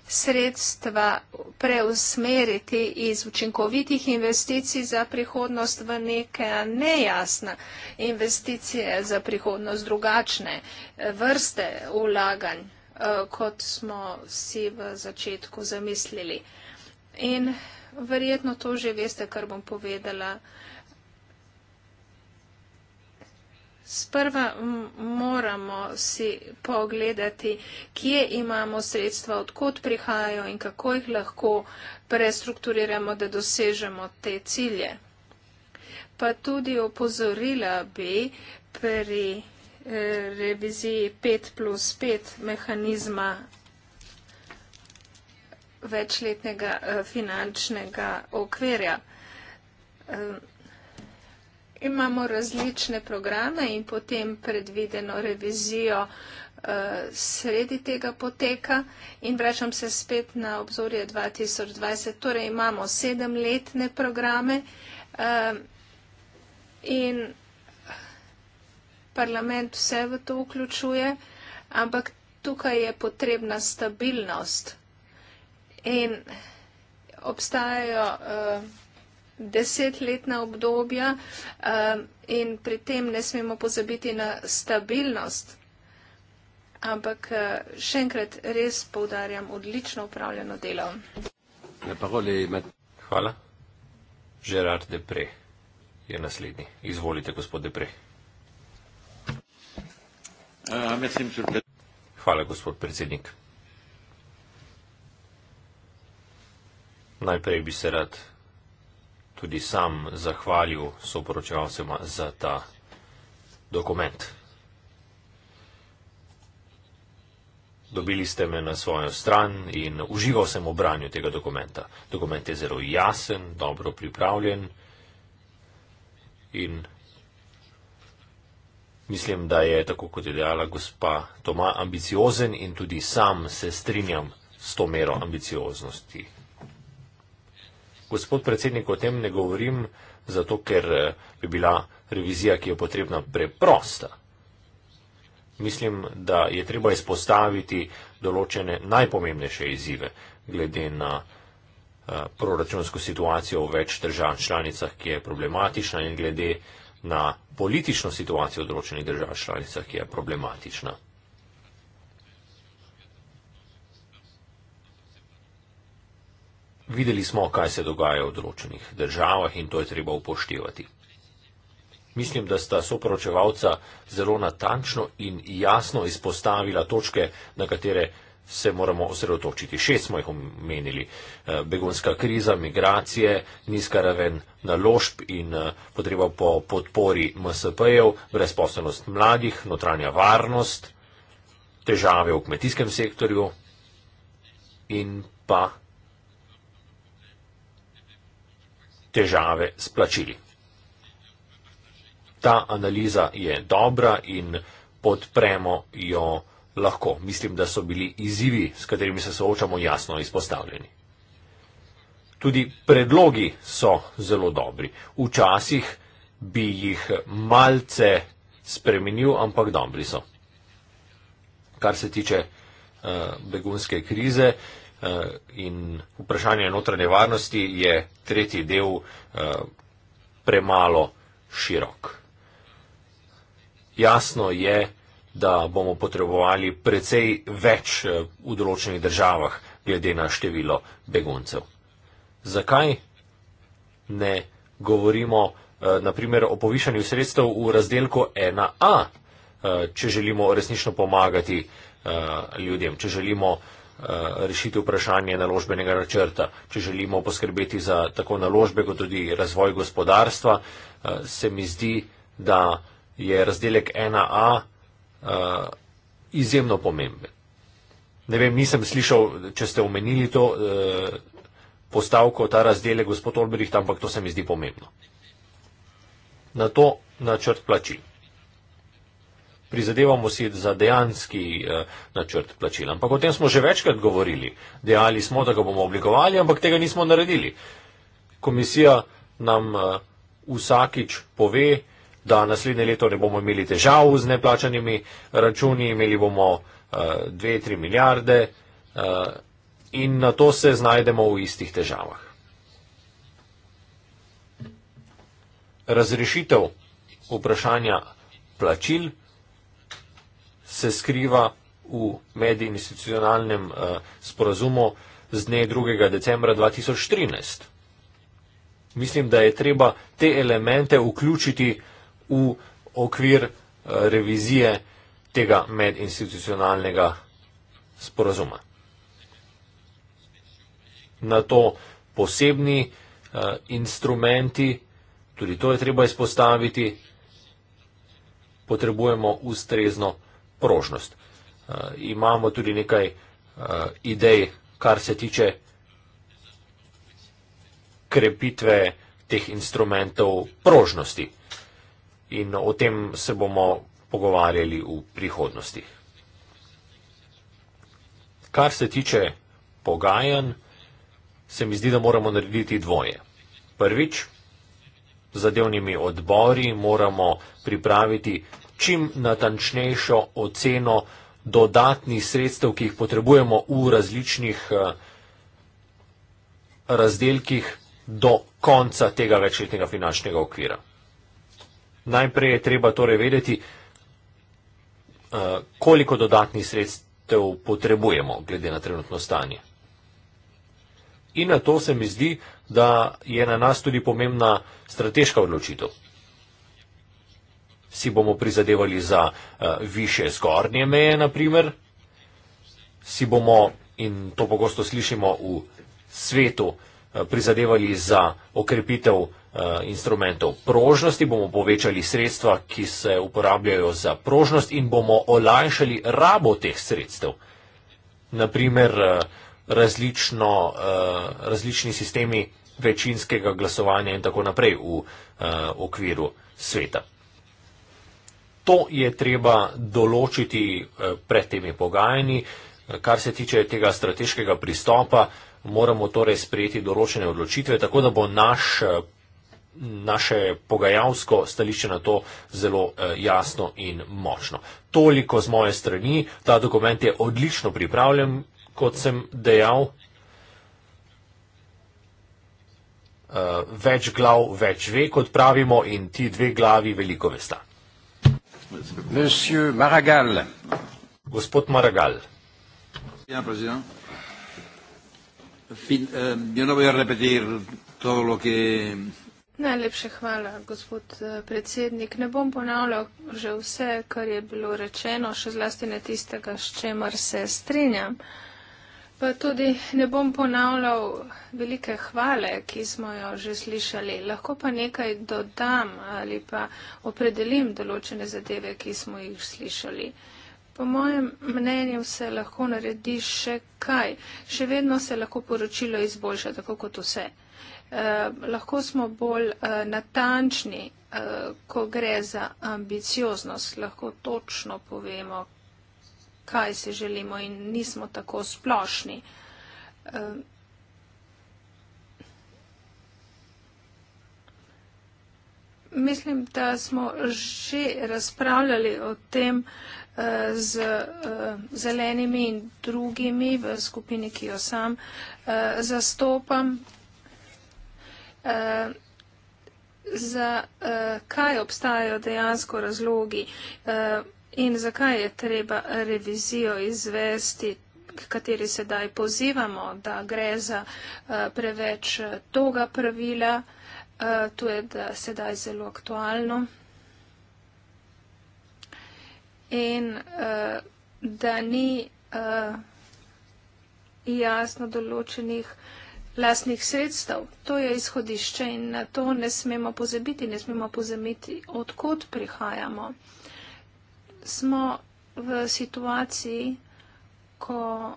sredstva preusmeriti iz učinkovitih investicij za prihodnost v neke nejasne investicije za prihodnost drugačne vrste ulaganj. Eh, kot smo si v začetku zamislili. In verjetno to že veste, kar bom povedala. Sprva moramo si pogledati, kje imamo sredstva, odkot prihajajo in kako jih lahko prestrukturiramo, da dosežemo te cilje. Pa tudi opozorila bi pri reviziji 5 plus 5 mehanizma večletnega eh, finančnega okvirja. Eh, imamo različne programe in potem predvideno revizijo eh, sredi tega poteka in vračam se spet na obzorje 2020. Torej imamo sedemletne programe in vsega, parlament vse v to vključuje, ampak tukaj je potrebna stabilnost. In obstajajo uh, desetletna obdobja uh, in pri tem ne smemo pozabiti na stabilnost. Ampak uh, še enkrat res povdarjam odlično upravljeno delo. Hvala. Gerard Depre je naslednji. Izvolite, gospod Depre. Eh, Hvala, gospod predsednik. Najprej bi se rad tudi sam zahvalil soporočevalcem za ta dokument. Dobili ste me na svojo stran in užival sem v branju tega dokumenta. Dokument je zelo jasen, dobro pripravljen in Mislim, da je, tako kot je dejala gospa Toma, ambiciozen in tudi sam se strinjam s to mero ambicioznosti. Gospod predsednik, o tem ne govorim, zato ker eh, bi bila revizija, ki je potrebna, preprosta. Mislim, da je treba izpostaviti določene najpomembnejše izzive glede na eh, proračunsko situacijo v več držav članicah, ki je problematična in glede na politično situacijo v določenih državah članicah, ki je problematična. Videli smo, kaj se dogaja v določenih državah in to je treba upoštevati. Mislim, da sta soporočevalca zelo natančno in jasno izpostavila točke, na katere se moramo osredotočiti. Šest smo jih omenili. Eh, begunska kriza, migracije, nizka raven naložb in eh, potreba po podpori MSP-jev, brezposobnost mladih, notranja varnost, težave v kmetijskem sektorju in pa težave s plačili. Ta analiza je dobra in podpremo jo lahko. Mislim, da so bili izzivi, s katerimi se soočamo, jasno izpostavljeni. Tudi predlogi so zelo dobri. Včasih bi jih malce spremenil, ampak dobri so. Kar se tiče uh, begunske krize uh, in vprašanja notranje varnosti, je tretji del uh, premalo širok. Jasno je, da bomo potrebovali precej več eh, v določenih državah, glede na število beguncev. Zakaj ne govorimo eh, naprimer o povišanju sredstev v razdelku 1a, eh, če želimo resnično pomagati ljudem, če želimo rešiti vprašanje naložbenega načrta, če želimo poskrbeti za tako naložbe kot tudi razvoj gospodarstva, se mi zdi, da je razdelek 1a Eh, izjemno pomemben. Ne vem, nisem slišal, če ste omenili to uh, postavko, ta razdele, gospod Olbrih, ampak to se mi zdi pomembno. Na to načrt plačil. Prizadevamo si za dejanski eh, načrt plačil. Ampak o tem smo že večkrat govorili. Dejali smo, da ga bomo oblikovali, ampak tega nismo naredili. Komisija nam vsakič pove, da naslednje leto ne bomo imeli težav z neplačanimi računi, imeli bomo 2-3 eh, milijarde eh, in na to se znajdemo v istih težavah. Razrešitev vprašanja plačil se skriva v medinstitucionalnem eh, sporazumu z dne 2. decembra 2013. Mislim, da je treba te elemente vključiti v v okvir eh, revizije tega medinstitucionalnega sporazuma. Na to posebni eh, instrumenti, tudi to je treba izpostaviti, potrebujemo ustrezno prožnost. Eh, imamo tudi nekaj idej, kar se tiče krepitve teh instrumentov prožnosti in o tem se bomo pogovarjali v prihodnosti. Kar se tiče pogajanj, se mi zdi, da moramo narediti dvoje. Prvič, zadevnimi odbori moramo pripraviti čim natančnejšo oceno dodatnih sredstev, ki jih potrebujemo v različnih eh, razdelkih do konca tega večletnega finančnega okvira. Najprej je treba torej vedeti, eh, koliko dodatnih sredstev potrebujemo, glede na trenutno stanje. In na to se mi zdi, da je na nas tudi pomembna strateška odločitev. Si bomo prizadevali za uh, eh, više zgornje meje, naprimer, si bomo, in to pogosto slišimo v svetu, uh, prizadevali za okrepitev uh, Eh, instrumentov prožnosti, bomo povečali sredstva, ki se uporabljajo za prožnost in bomo olajšali rabo teh sredstev. Naprimer, eh, različno, eh, različni sistemi večinskega glasovanja in tako naprej v, v okviru sveta. To je treba določiti pred temi pogajanji. Kar se tiče tega strateškega pristopa, moramo torej sprejeti določene odločitve, tako da bo naš naše pogajalsko stališče na to zelo eh, jasno in močno. Toliko z moje strani. Ta dokument je odlično pripravljen, kot sem dejal. Eh, več glav, več ve, kot pravimo, in ti dve glavi veliko vesta. Maragall. Gospod Maragal. Fin, eh, yo no voy a repetir todo lo que Najlepše hvala, gospod eh, predsednik. Ne bom ponavljal že vse, kar je bilo rečeno, še zlasti ne tistega, s čemer se strinjam. Pa tudi ne bom ponavljal velike hvale, ki smo jo že slišali. Lahko pa nekaj dodam ali pa opredelim določene zadeve, ki smo jih slišali. Po mojem mnenju se lahko naredi še kaj. Še vedno se lahko poročilo izboljša, tako kot vse. Eh, lahko smo bolj eh, natančni, eh, ko gre za ambicioznost, lahko točno povemo, kaj si želimo in nismo tako splošni. Mislim, da smo že razpravljali o tem z zelenimi in drugimi v skupini, ki jo sam zastopam uh, za uh, kaj obstajajo dejansko razlogi uh, in zakaj je treba revizijo izvesti, k kateri sedaj pozivamo, da gre za uh, preveč toga pravila. Uh, to je da sedaj zelo aktualno. In uh, da ni uh, jasno določenih uh, lastnih sredstev. To je izhodišče in na to ne smemo pozabiti, ne smemo pozamiti, odkot prihajamo. Smo v situaciji, ko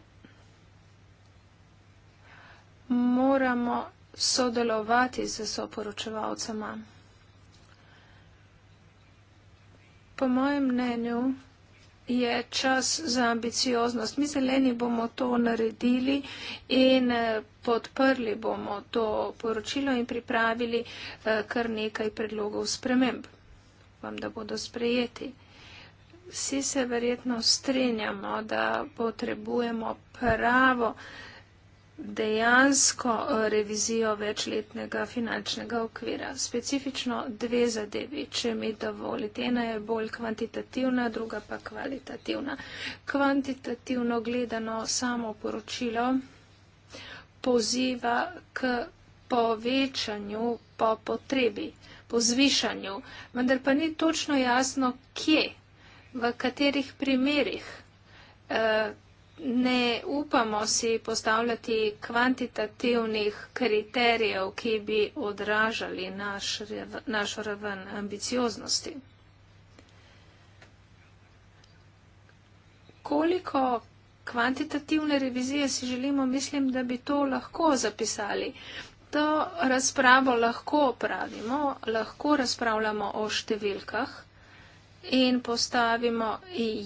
moramo sodelovati z soporočevalcema. Po mojem mnenju, je čas za ambicioznost. Mi zeleni bomo to naredili in eh, podprli bomo to poročilo in pripravili eh, kar nekaj predlogov sprememb, vam da bodo sprejeti. Vsi se verjetno strinjamo, da potrebujemo pravo dejansko eh, revizijo večletnega finančnega okvira. Specifično dve zadevi, če mi dovolite. Ena je bolj kvantitativna, druga pa kvalitativna. Kvantitativno gledano samo poročilo poziva k povečanju po potrebi, po zvišanju, vendar pa ni točno jasno, kje, v katerih primerih. Eh, ne upamo si postavljati kvantitativnih kriterijev, ki bi odražali naš, našo raven ambicioznosti. Koliko kvantitativne revizije si želimo, mislim, da bi to lahko zapisali. To razpravo lahko opravimo, lahko razpravljamo o številkah in postavimo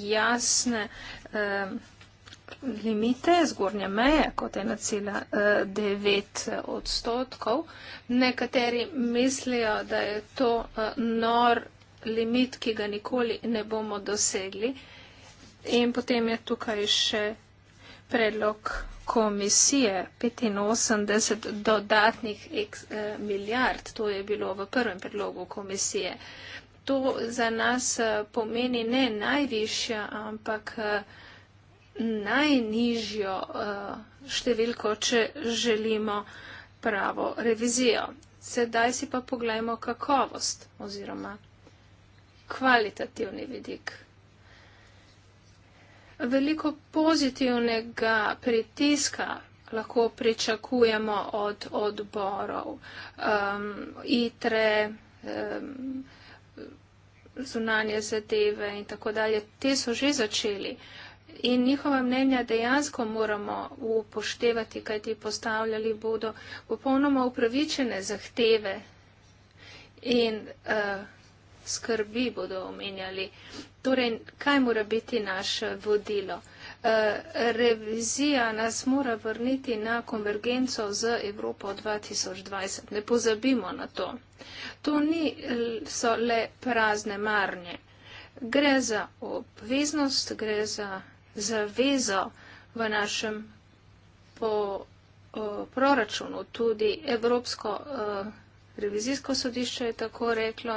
jasne. Eh, limite, zgornje meje, kot 1,9 eh, eh, odstotkov. Nekateri mislijo, da je to eh, nor limit, ki ga nikoli ne bomo dosegli. In potem je tukaj še predlog komisije 85 dodatnih eh, milijard. To je bilo v prvem predlogu komisije. To za nas eh, pomeni ne najvišja, ampak. Eh, najnižjo eh, številko, če želimo pravo revizijo. Sedaj si pa pogledajmo kakovost oziroma kvalitativni vidik. Veliko pozitivnega pritiska lahko pričakujemo od odborov, um, ITRE, um, zunanje zadeve in tako dalje. Te so že začeli uh, In njihova mnenja dejansko moramo upoštevati, kaj ti postavljali bodo popolnoma upravičene zahteve in uh, skrbi bodo omenjali. Torej, kaj mora biti naše vodilo? Uh, revizija nas mora vrniti na konvergenco z Evropo 2020. Ne pozabimo na to. To ni so le prazne marnje. Gre za obveznost, gre za zavezo v našem po, o, proračunu. Tudi Evropsko o, revizijsko sodišče je tako reklo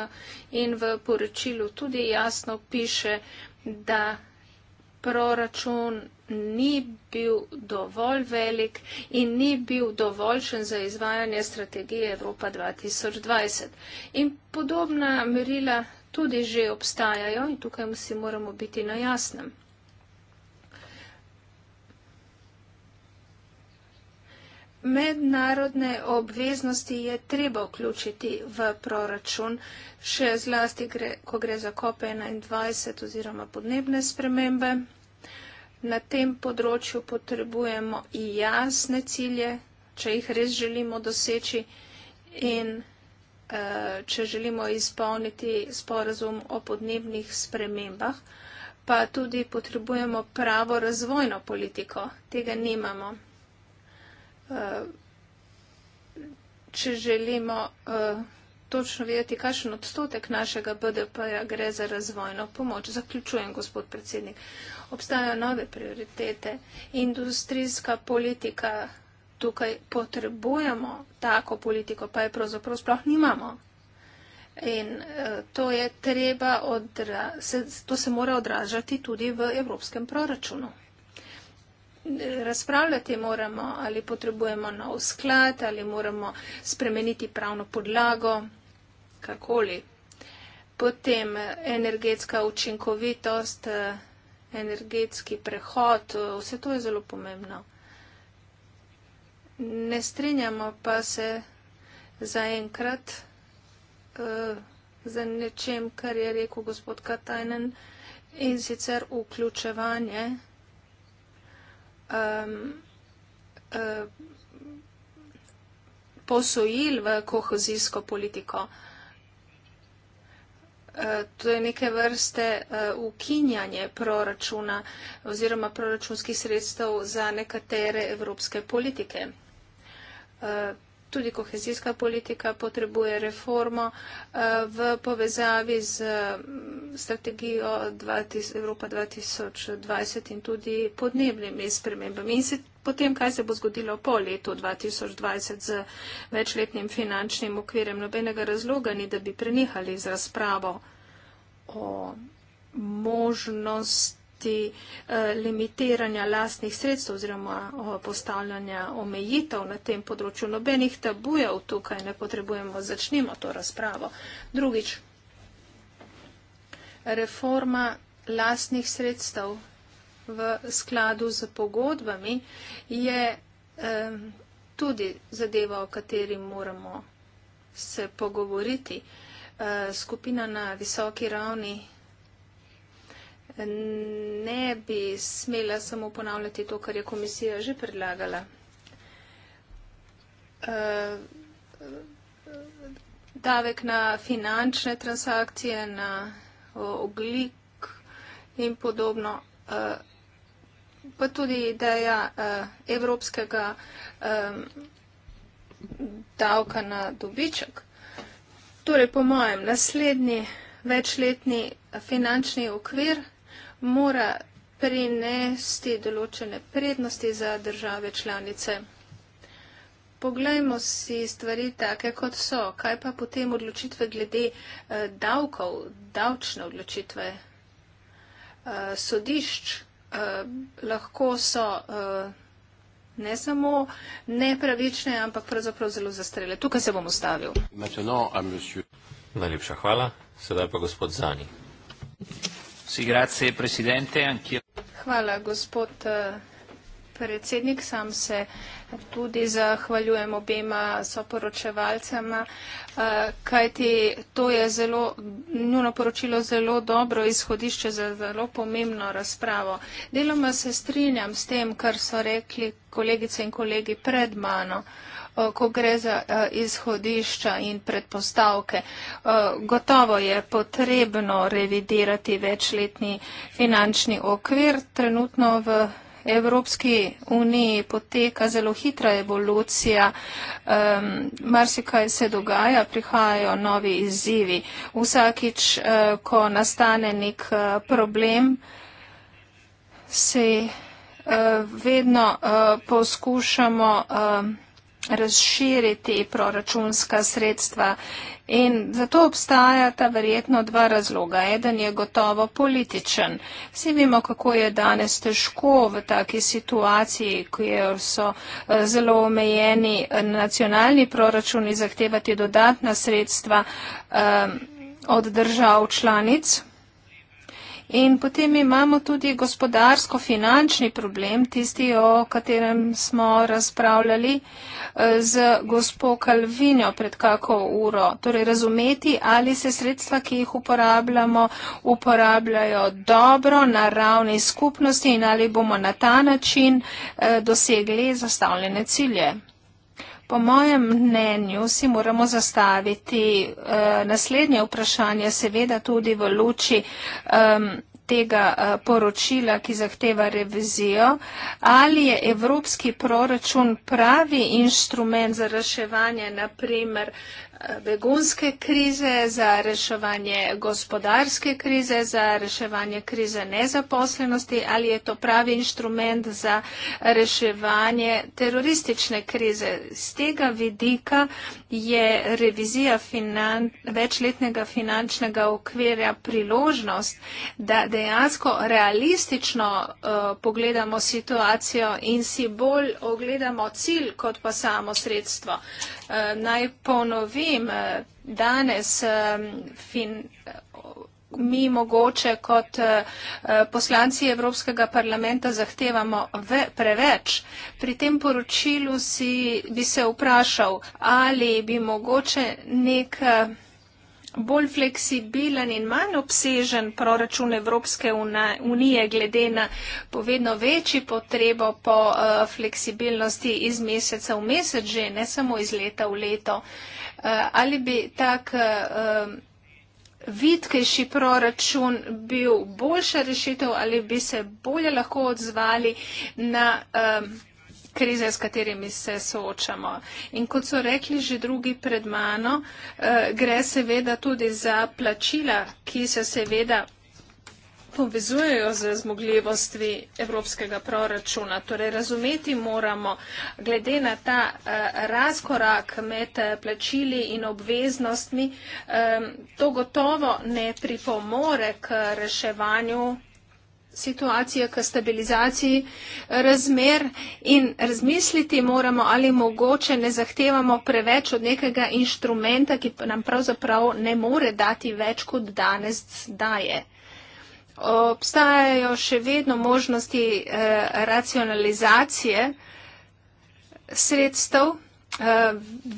in v poročilu tudi jasno piše, da proračun ni bil dovolj velik in ni bil dovoljšen za izvajanje strategije Evropa 2020. In podobna merila tudi že obstajajo in tukaj si moramo biti na jasnem. mednarodne obveznosti je treba vključiti v proračun, še zlasti, gre, ko gre za COP21 oziroma podnebne spremembe. Na tem področju potrebujemo jasne cilje, če jih res želimo doseči in eh, če želimo izpolniti sporazum o podnebnih spremembah, pa tudi potrebujemo pravo razvojno politiko. Tega nimamo. Eh, če želimo eh, točno vedeti, kakšen odstotek našega BDP-ja gre za razvojno pomoč. Zaključujem, gospod predsednik. Obstajajo nove prioritete. Industrijska politika, tukaj potrebujemo tako politiko, pa je pravzaprav sploh nimamo. In eh, to, je treba odra, se, to se mora odražati tudi v evropskem proračunu razpravljati moramo, ali potrebujemo nov sklad, ali moramo spremeniti pravno podlago, karkoli. Potem energetska učinkovitost, energetski prehod, vse to je zelo pomembno. Ne strinjamo pa se zaenkrat eh, za nečem, kar je rekel gospod Katajnen, in sicer vključevanje um, uh, posojil v kohozijsko politiko. Uh, to je neke vrste uh, ukinjanje proračuna oziroma proračunskih sredstev za nekatere evropske politike. Uh, tudi kohezijska politika potrebuje reformo eh, v povezavi z mm, strategijo 2000, Evropa 2020 in tudi podnebnimi spremembami. In se potem, kaj se bo zgodilo po letu 2020 z večletnim finančnim okvirem, nobenega razloga ni, da bi prenehali z razpravo o možnosti možnosti eh, limitiranja lastnih sredstev oziroma eh, postavljanja omejitev na tem področju. Nobenih tabujev tukaj ne potrebujemo, začnimo to razpravo. Drugič, reforma lastnih sredstev v skladu z pogodbami je eh, tudi zadeva, o kateri moramo se pogovoriti. Skupina na visoki ravni ne bi smela samo ponavljati to, kar je komisija že predlagala. Eh, davek na finančne transakcije, na oglik in podobno, eh, pa tudi ideja eh, evropskega davka na dobiček. Torej, po mojem, naslednji večletni finančni okvir 2021-2027 mora prinesti določene prednosti za države članice. Poglejmo si stvari take, kot so. Kaj pa potem odločitve glede eh, davkov, davčne odločitve eh, sodišč? Eh, lahko so ne samo nepravične, ampak pravzaprav zelo zastrele. Tukaj se bom ustavil. Najlepša hvala. Sedaj pa gospod Zani. Sì, grazie Presidente, anch'io. Hvala, gospod eh, predsednik. Sam se tudi zahvaljujem obema soporočevalcema, eh, kajti to je zelo, njuno poročilo zelo dobro izhodišče za zelo pomembno razpravo. Deloma se strinjam s tem, kar so rekli kolegice in kolegi pred mano ko gre za e, izhodišča in predpostavke. Gotovo je potrebno revidirati večletni finančni okvir. Trenutno v Evropski uniji poteka zelo hitra evolucija, um, marsikaj se dogaja, prihajajo novi izzivi. Vsakič, uh, ko nastane nek uh, problem, se uh, vedno uh, poskušamo. Uh, razširi te proračunska sredstva. In zato obstaja ta verjetno dva razloga. Eden je gotovo političen. Vsi vemo, kako je danes težko v taki situaciji, kjer so eh, zelo omejeni eh, nacionalni proračuni, zahtevati dodatna sredstva um, od držav članic. In potem imamo tudi gospodarsko-finančni problem, tisti, o katerem smo razpravljali eh, z gospo Kalvinjo pred kako uro. Torej razumeti, ali se sredstva, ki jih uporabljamo, uporabljajo dobro na ravni skupnosti in ali bomo na ta način eh, dosegli zastavljene cilje. Po mojem mnenju si moramo zastaviti uh, naslednje vprašanje, seveda tudi v luči um, tega uh, poročila, ki zahteva revizijo, ali je evropski proračun pravi inštrument za reševanje, naprimer, uh, begunske krize, za reševanje gospodarske krize, za reševanje krize nezaposlenosti ali je to pravi inštrument za reševanje teroristične krize. Z tega vidika je revizija finan večletnega finančnega okvirja priložnost, da dejansko realistično uh, pogledamo situacijo in si bolj ogledamo cilj kot pa samo sredstvo. Eh, naj ponovim, eh, danes eh, fin, mi mogoče kot poslanci Evropskega parlamenta zahtevamo ve, preveč. Pri tem poročilu si bi se vprašal, ali bi mogoče nek bolj fleksibilen in manj obsežen proračun Evropske unije glede na povedno večji potrebo po uh, fleksibilnosti iz meseca v mesec že, ne samo iz leta v leto. Uh, ali bi tak uh, eh, vidkejši proračun bil boljša rešitev ali bi se bolje lahko odzvali na. Uh, krize, s katerimi se soočamo. In kot so rekli že drugi pred mano, eh, gre seveda tudi za plačila, ki se seveda povezujejo z zmogljivosti evropskega proračuna. Torej razumeti moramo, glede na ta eh, razkorak med eh, plačili in obveznostmi, to gotovo ne pripomore k reševanju situacijo k stabilizaciji razmer in razmisliti moramo, ali mogoče ne zahtevamo preveč od nekega inštrumenta, ki nam pravzaprav ne more dati več, kot danes daje. Obstajajo še vedno možnosti eh, racionalizacije sredstev, eh,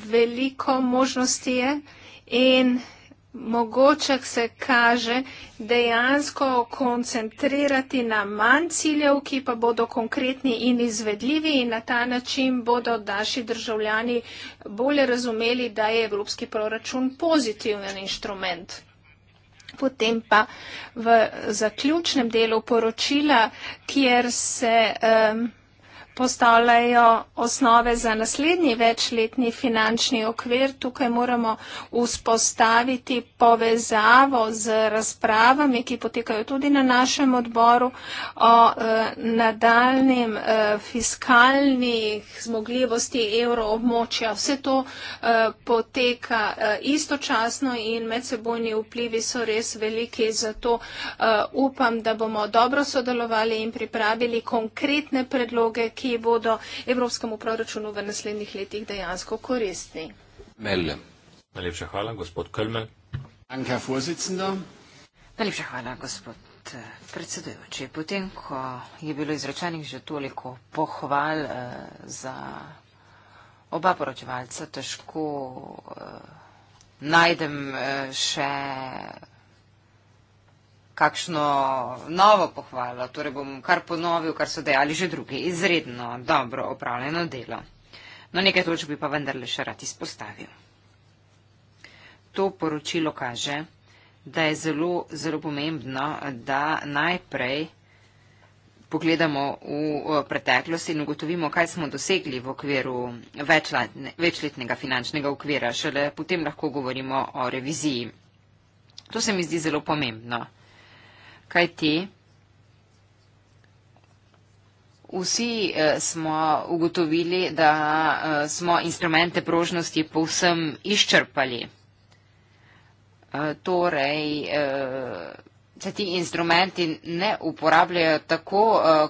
veliko možnosti je in mogoče se kaže dejansko koncentrirati na manj ciljev, ki pa bodo konkretni in izvedljivi in na ta način bodo naši državljani bolje razumeli, da je evropski proračun pozitiven inštrument. Potem pa v zaključnem delu poročila, kjer se. Um, postavljajo osnove za naslednji večletni finančni okvir. Tukaj moramo vzpostaviti povezavo z razpravami, ki potekajo tudi na našem odboru o e, nadaljnim e, fiskalnih zmogljivosti evroobmočja. Vse to e, poteka e, istočasno in medsebojni vplivi so res veliki. Zato e, upam, da bomo dobro sodelovali in pripravili konkretne predloge, ki ki bodo evropskemu proračunu v naslednjih letih dejansko koristni. Melle. Najlepša hvala, gospod Kölmel. Najlepša hvala, gospod eh, predsedujoči. Potem, ko je bilo izrečenih že toliko pohval eh, za oba poročevalca, težko eh, najdem eh, še kakšno novo pohvalo, torej bom kar ponovil, kar so dejali že drugi, izredno dobro opravljeno delo. No, nekaj točk bi pa vendarle še rad izpostavil. To poročilo kaže, da je zelo, zelo pomembno, da najprej pogledamo v preteklost in ugotovimo, kaj smo dosegli v okviru večletne, večletnega finančnega okvira, šele potem lahko govorimo o reviziji. To se mi zdi zelo pomembno kajti vsi eh, smo ugotovili, da eh, smo instrumente prožnosti povsem izčrpali. Eh, torej, se ti instrumenti ne uporabljajo tako,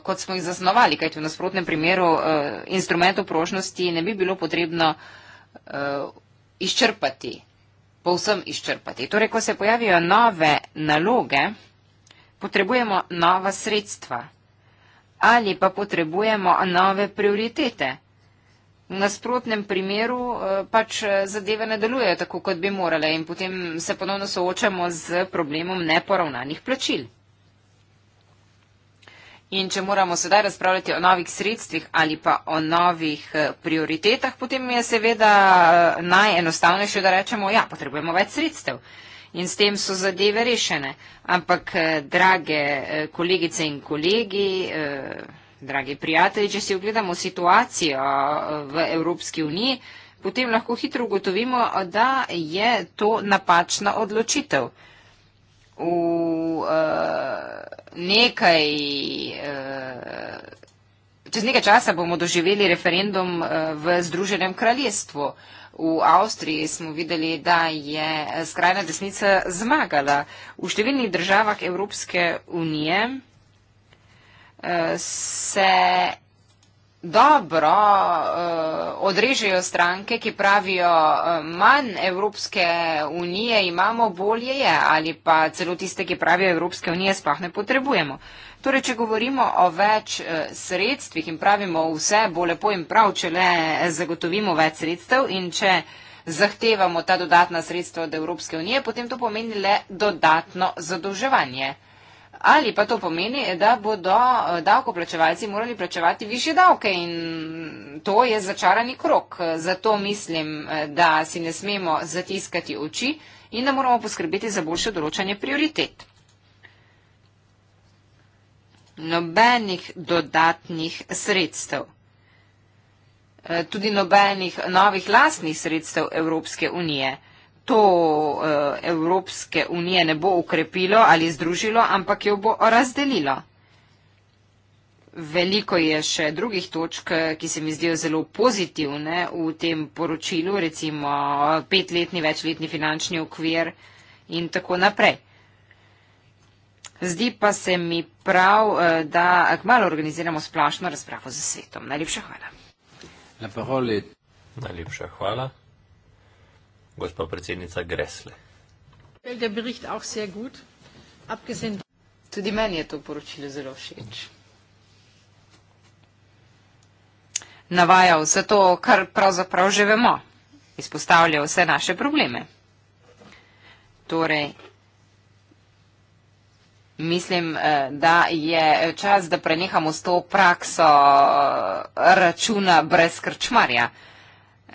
kot smo jih zasnovali, kajti v nasprotnem primeru instrumentov prožnosti ne bi bilo potrebno izčrpati, povsem izčrpati. Torej, ko se pojavijo nove naloge, potrebujemo nova sredstva ali pa potrebujemo nove prioritete. V nasprotnem primeru eh, pač eh, zadeve ne delujejo tako, kot bi morale in potem se ponovno soočamo z problemom neporavnanih plačil. In če moramo sedaj razpravljati o novih sredstvih ali pa o novih eh, prioritetah, potem je seveda najenostavnejše, da rečemo, ja, potrebujemo več sredstev. Uh, in s tem so zadeve rešene. Ampak, eh, drage eh, kolegice in kolegi, eh, dragi prijatelji, če si ogledamo situacijo v Evropski uniji, potem lahko hitro ugotovimo, da je to napačna odločitev. V uh, nekaj, uh, čez nekaj časa bomo doživeli referendum uh, v Združenem kraljestvu. Uh, V Avstriji smo videli, da je skrajna desnica zmagala. V številnih državah Evropske unije eh, se dobro uh, odrežejo stranke, ki pravijo uh, manj Evropske unije imamo, bolje je, ali pa celo tiste, ki pravijo Evropske unije, sploh ne potrebujemo. Torej, če govorimo o več eh, sredstvih in pravimo vse, bo lepo in prav, če le zagotovimo več sredstev in če zahtevamo ta dodatna sredstva od Evropske unije, potem to pomeni le dodatno zadolževanje. Ali pa to pomeni, da bodo eh, davkoplačevalci morali plačevati više davke in to je začarani krok. Zato mislim, eh, da si ne smemo zatiskati oči in da moramo poskrbeti za boljše določanje prioritet. Nobenih dodatnih sredstev. Eh, tudi nobenih novih lastnih sredstev Evropske unije to eh, Evropske unije ne bo ukrepilo ali združilo, ampak jo bo razdelilo. Veliko je še drugih točk, eh, ki se mi zdijo zelo pozitivne v tem poročilu, recimo petletni, večletni finančni okvir in tako naprej. Zdi pa se mi prav, eh, da kmalo organiziramo splošno razpravo z svetom. Najlepša hvala. Najlepša hvala gospa predsednica Gresle. Tudi meni je to poročilo zelo všeč. Navaja vse to, kar pravzaprav že vemo. Izpostavlja vse naše probleme. Torej, mislim, eh, da je čas, da prenehamo s to prakso eh, računa brez krčmarja.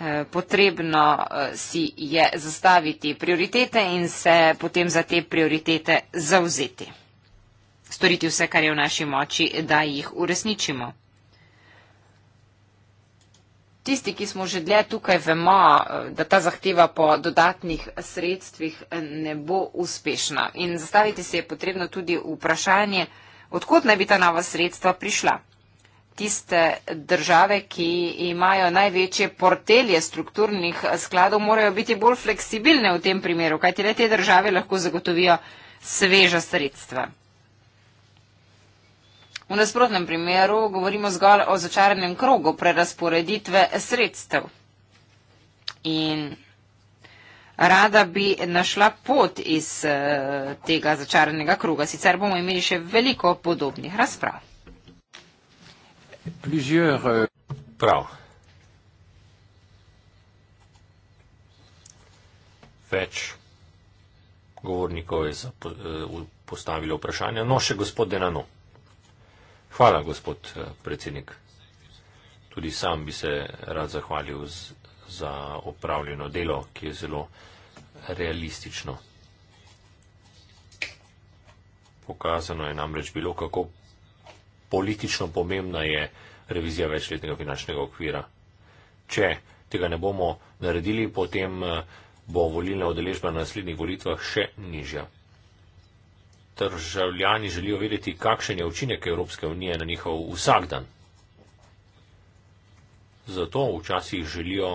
Eh, potrebno eh, si je zastaviti prioritete in se potem za te prioritete zauzeti. Storiti vse, kar je v naši moči, da jih uresničimo. Tisti, ki smo že dlje tukaj, vemo, eh, da ta zahteva po dodatnih sredstvih ne bo uspešna. In zastaviti se je potrebno tudi vprašanje, odkot naj bi ta nova sredstva prišla tiste države, ki imajo največje portelje strukturnih skladov, morajo biti bolj fleksibilne v tem primeru, kajti le te države lahko zagotovijo sveža sredstva. V nasprotnem primeru govorimo zgolj o začaranem krogu prerasporeditve sredstev. In rada bi našla pot iz eh, tega začaranega kruga. Sicer bomo imeli še veliko podobnih razprav plusieurs. Euh, Prav. Več govornikov je eh, postavilo vprašanje. No, še gospod Denano. Hvala, gospod eh, predsednik. Tudi sam bi se rad zahvalil z, za opravljeno delo, ki je zelo realistično. Pokazano je namreč bilo, kako politično pomembna je revizija večletnega finančnega okvira. Če tega ne bomo naredili, potem eh, bo volilna odeležba na naslednjih volitvah še nižja. Državljani želijo vedeti, kakšen je učinek Evropske unije na njihov vsakdan. Zato včasih želijo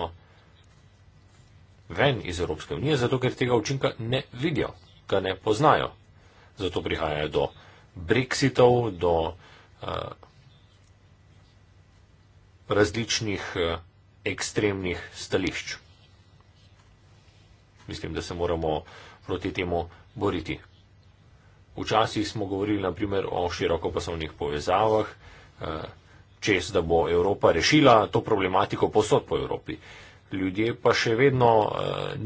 ven iz Evropske unije, zato ker tega učinka ne vidijo, ga ne poznajo. Zato prihajajo do Brexitov, do različnih ekstremnih stališč. Mislim, da se moramo proti temu boriti. Včasih smo govorili naprimer o širokopasovnih povezavah, čez da bo Evropa rešila to problematiko posod po Evropi. Ljudje pa še vedno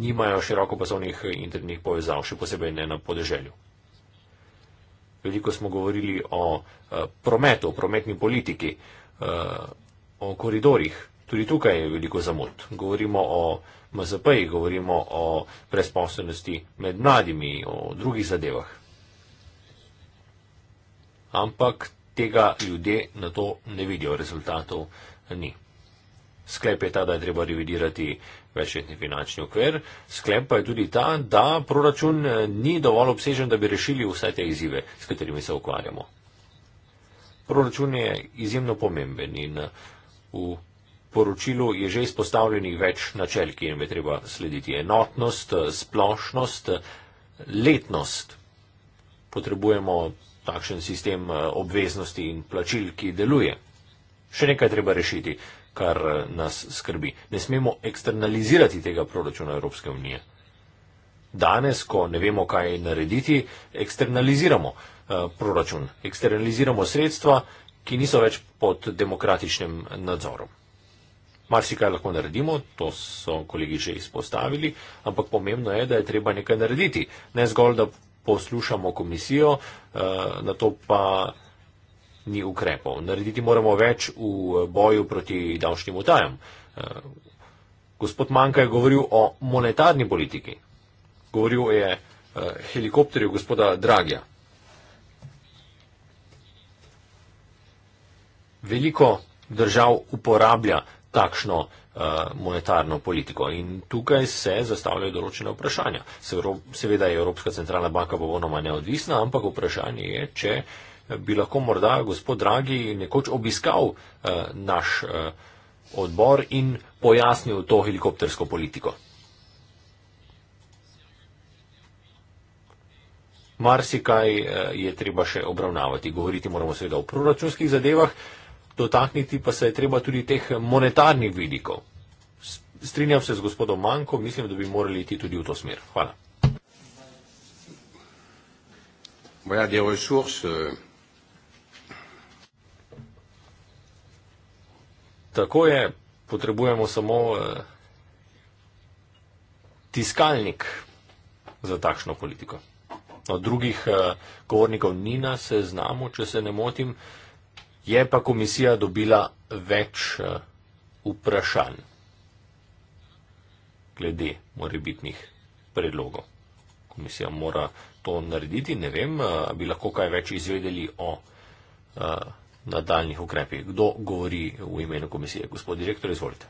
nimajo širokopasovnih internetnih povezav, še posebej ne na podeželju veliko smo govorili o eh, prometu, o prometni politiki, eh, o koridorjih. Tudi tukaj je veliko zamud. Govorimo o MZP-jih, govorimo o brezposobnosti med mladimi, o drugih zadevah. Ampak tega ljudje na to ne vidijo, rezultatov ni. Sklep je ta, da je treba revidirati večletni finančni okvir. Sklep pa je tudi ta, da proračun eh, ni dovolj obsežen, da bi rešili vse te izzive, s katerimi se ukvarjamo. Proračun je izjemno pomemben in eh, v poročilu je že izpostavljeni več načel, ki jim je treba slediti. Enotnost, eh, splošnost, letnost. Potrebujemo takšen sistem obveznosti in plačil, ki deluje. Še nekaj treba rešiti kar eh, nas skrbi. Ne smemo eksternalizirati tega proračuna Evropske unije. Danes, ko ne vemo, kaj narediti, eksternaliziramo eh, proračun, eksternaliziramo sredstva, ki niso več pod demokratičnim nadzorom. Marsikaj lahko naredimo, to so kolegi že izpostavili, ampak pomembno je, da je treba nekaj narediti. Ne zgolj, da poslušamo komisijo, eh, na to pa ni ukrepov. Narediti moramo več v eh, boju proti davčnim utajam. Eh, gospod Manka je govoril o monetarni politiki. Govoril je eh, helikopterju gospoda Dragja. Veliko držav uporablja takšno monetarno politiko in tukaj se zastavljajo določene vprašanja. Seveda je Evropska centralna banka popolnoma neodvisna, ampak vprašanje je, če bi lahko morda gospod Dragi nekoč obiskal eh, naš eh, odbor in pojasnil to helikoptersko politiko. Marsikaj eh, je treba še obravnavati. Govoriti moramo seveda o proračunskih zadevah, dotakniti pa se je treba tudi teh monetarnih vidikov. Strinjam se z gospodom Manko, mislim, da bi morali iti tudi v to smer. Hvala. Voilà des ressources. Euh Tako je, potrebujemo samo uh, tiskalnik za takšno politiko. Od no, drugih uh, govornikov ni na seznamu, če se ne motim, je pa komisija dobila več uh, vprašanj glede morebitnih predlogov. Komisija mora to narediti, ne vem, uh, bi lahko kaj več izvedeli o. Uh, nadaljnih ukrepih. Kdo govori v imenu komisije? Gospod direktor, izvolite.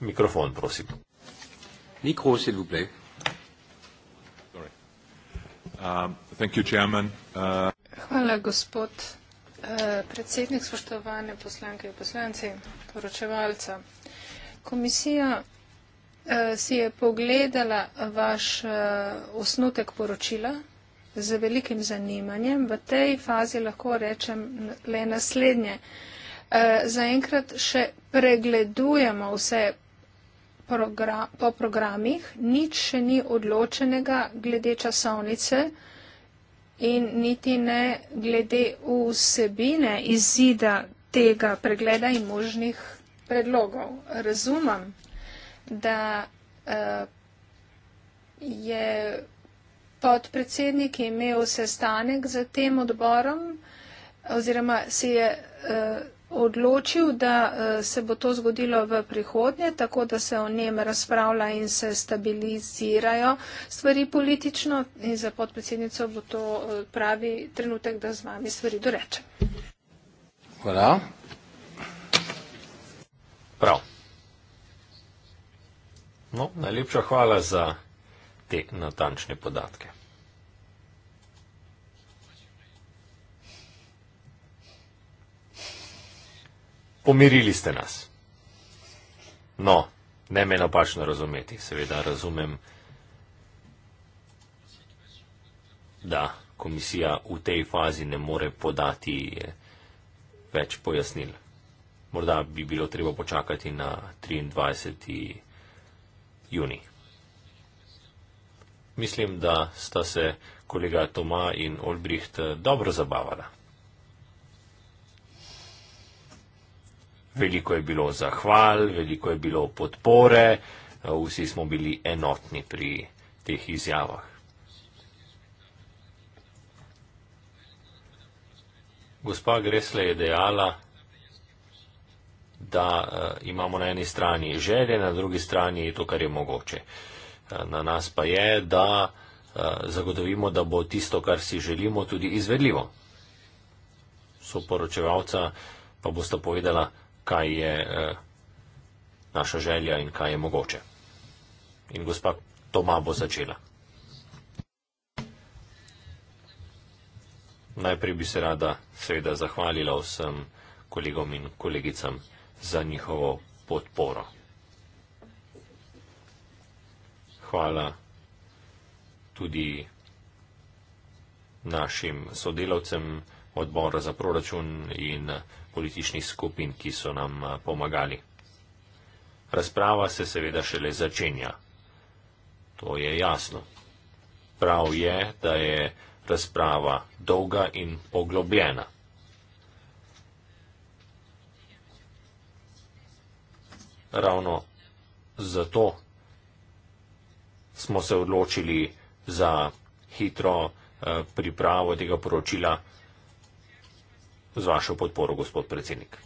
Mikrofon, prosim. Mikro, sedaj vplej. Um, uh, Hvala, gospod uh, predsednik, spoštovane poslanke in poslanci, poročevalca. Komisija uh, si je pogledala vaš osnutek poročila, z velikim zanimanjem. V tej fazi lahko rečem le naslednje. Eh, zaenkrat še pregledujemo vse po programih, nič še ni odločenega glede časovnice in niti ne glede vsebine izida tega pregleda in možnih predlogov. Razumem, da eh, je podpredsednik je imel sestanek z tem odborom oziroma se je eh, odločil, da eh, se bo to zgodilo v prihodnje, tako da se o njem razpravlja in se stabilizirajo stvari politično in za podpredsednico bo to eh, pravi trenutek, da z vami stvari doreče. Hvala. Prav. No, najlepša hvala za te natančne podatke. Pomirili ste nas. No, ne me napačno razumeti, seveda razumem, da komisija v tej fazi ne more podati več pojasnil. Morda bi bilo treba počakati na 23. juni. Mislim, da sta se kolega Toma in Olbricht eh, dobro zabavala. Veliko je bilo zahval, veliko je bilo podpore, eh, vsi smo bili enotni pri teh izjavah. Gospa Gresle je dejala, da eh, imamo na eni strani želje, na drugi strani je to, kar je mogoče. Eh, na nas pa je, da eh, zagotovimo, da bo tisto, kar si želimo, tudi izvedljivo. Soporočevalca pa boste povedala, kaj je eh, naša želja in kaj je mogoče. In gospa Toma bo začela. Najprej bi se rada seveda zahvalila vsem kolegom in kolegicam za njihovo podporo. hvala tudi našim sodelavcem odbora za proračun in političnih skupin, ki so nam eh, pomagali. Razprava se seveda šele začenja. To je jasno. Prav je, da je razprava dolga in poglobljena. Ravno zato smo se odločili za hitro eh, pripravo tega poročila z vašo podporo, gospod predsednik.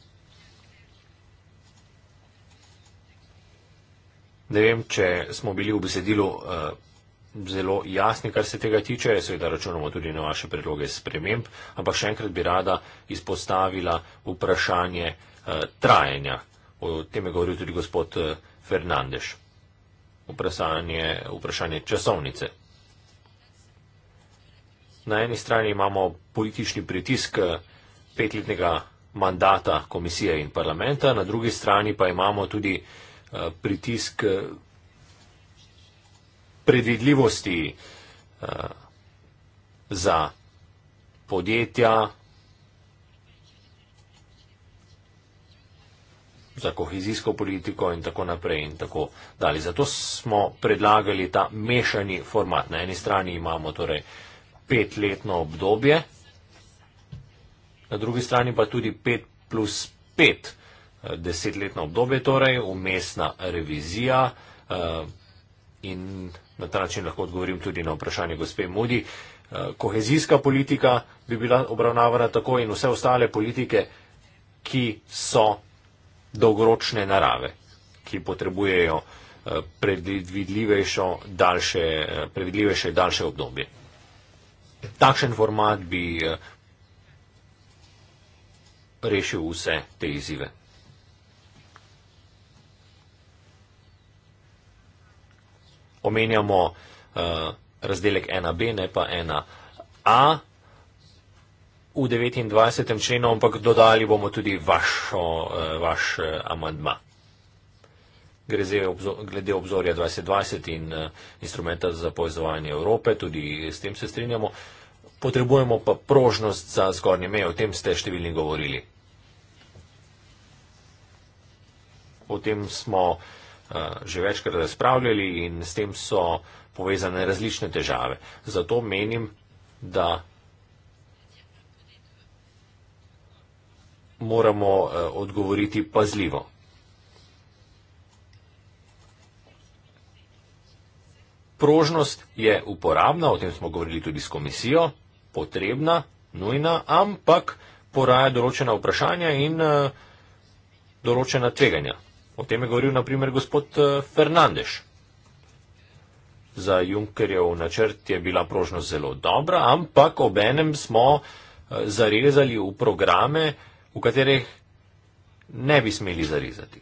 Ne vem, če smo bili v besedilu eh, zelo jasni, kar se tega tiče, seveda računamo tudi na vaše predloge sprememb, ampak še enkrat bi rada izpostavila vprašanje eh, trajanja. O tem je govoril tudi gospod Fernandez vprašanje, vprašanje časovnice. Na eni strani imamo politični pritisk eh, petletnega mandata komisije in parlamenta, na drugi strani pa imamo tudi eh, pritisk eh, predvidljivosti za podjetja, za kohezijsko politiko in tako naprej in tako dalje. Zato smo predlagali ta mešani format. Na eni strani imamo torej petletno obdobje, na drugi strani pa tudi pet plus pet eh, desetletno obdobje, torej umestna revizija eh, in na ta način lahko odgovorim tudi na vprašanje gospe Mudi. Eh, kohezijska politika bi bila obravnavana tako in vse ostale politike, ki so dolgoročne narave, ki potrebujejo eh, predvidljivejšo, daljše, eh, predvidljivejše daljše obdobje. Takšen format bi eh, rešil vse te izzive. Omenjamo uh, razdelek 1b, ne pa 1a v 29. členu, ampak dodali bomo tudi vašo, eh, vaš eh, amandma. Glede obzorja 2020 in eh, instrumenta za povezovanje Evrope, tudi s tem se strinjamo. Potrebujemo pa prožnost za zgornje meje, o tem ste številni govorili. O tem smo že večkrat razpravljali in s tem so povezane različne težave. Zato menim, da moramo eh, odgovoriti pazljivo. Prožnost je uporabna, o tem smo govorili tudi s komisijo, potrebna, nujna, ampak poraja določena vprašanja in eh, določena tveganja. O tem je govoril naprimer gospod eh, Fernandeš. Za Junckerjev načrt je bila prožnost zelo dobra, ampak ob enem smo zarezali v programe, v katerih ne bi smeli zarezati.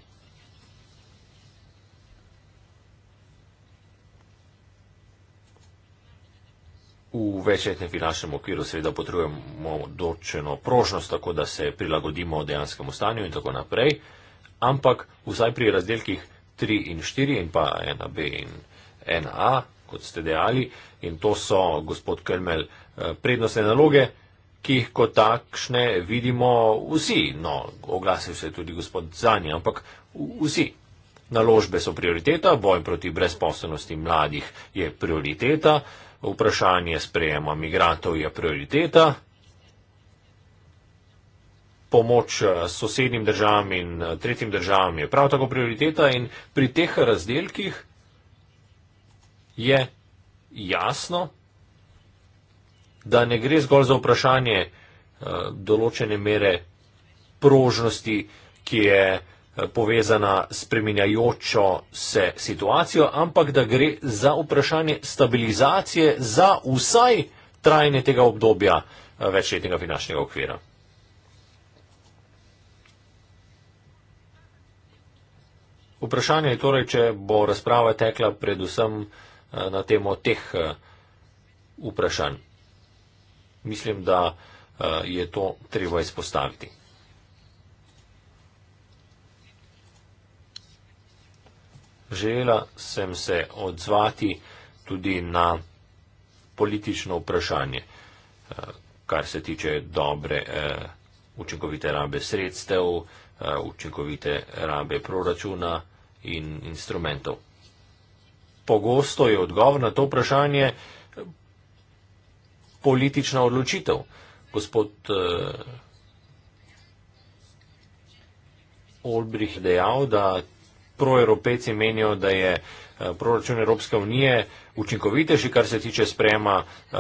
V večletnem finančnem okviru seveda potrebujemo določeno prožnost, tako da se prilagodimo dejanskemu stanju in tako naprej, ampak vsaj pri razdelkih 3 in 4 in pa 1b in 1a, kot ste dejali, in to so, gospod Krmel, eh, prednostne naloge, ki jih kot takšne vidimo vsi. No, oglasil se je tudi gospod Zani, ampak vsi. Naložbe so prioriteta, boj proti brezposobnosti mladih je prioriteta, vprašanje sprejema migrantov je prioriteta, pomoč eh, sosednjim državam in eh, tretjim državam je prav tako prioriteta in pri teh razdelkih je jasno, da ne gre zgolj za vprašanje eh, določene mere prožnosti, ki je eh, povezana s preminjajočo se situacijo, ampak da gre za vprašanje stabilizacije za vsaj trajne tega obdobja eh, večletnega finančnega okvira. Vprašanje je torej, če bo razprava tekla predvsem na temo teh vprašanj mislim, da eh, je to treba izpostaviti. Žela sem se odzvati tudi na politično vprašanje, eh, kar se tiče dobre eh, učinkovite rabe sredstev, učinkovite rabe proračuna in instrumentov. Pogosto je odgovor na to vprašanje, da politična odločitev. Gospod uh, eh, Olbrih dejal, da proevropejci menijo, da je eh, proračun Evropske unije učinkovitejši, kar se tiče sprejema uh,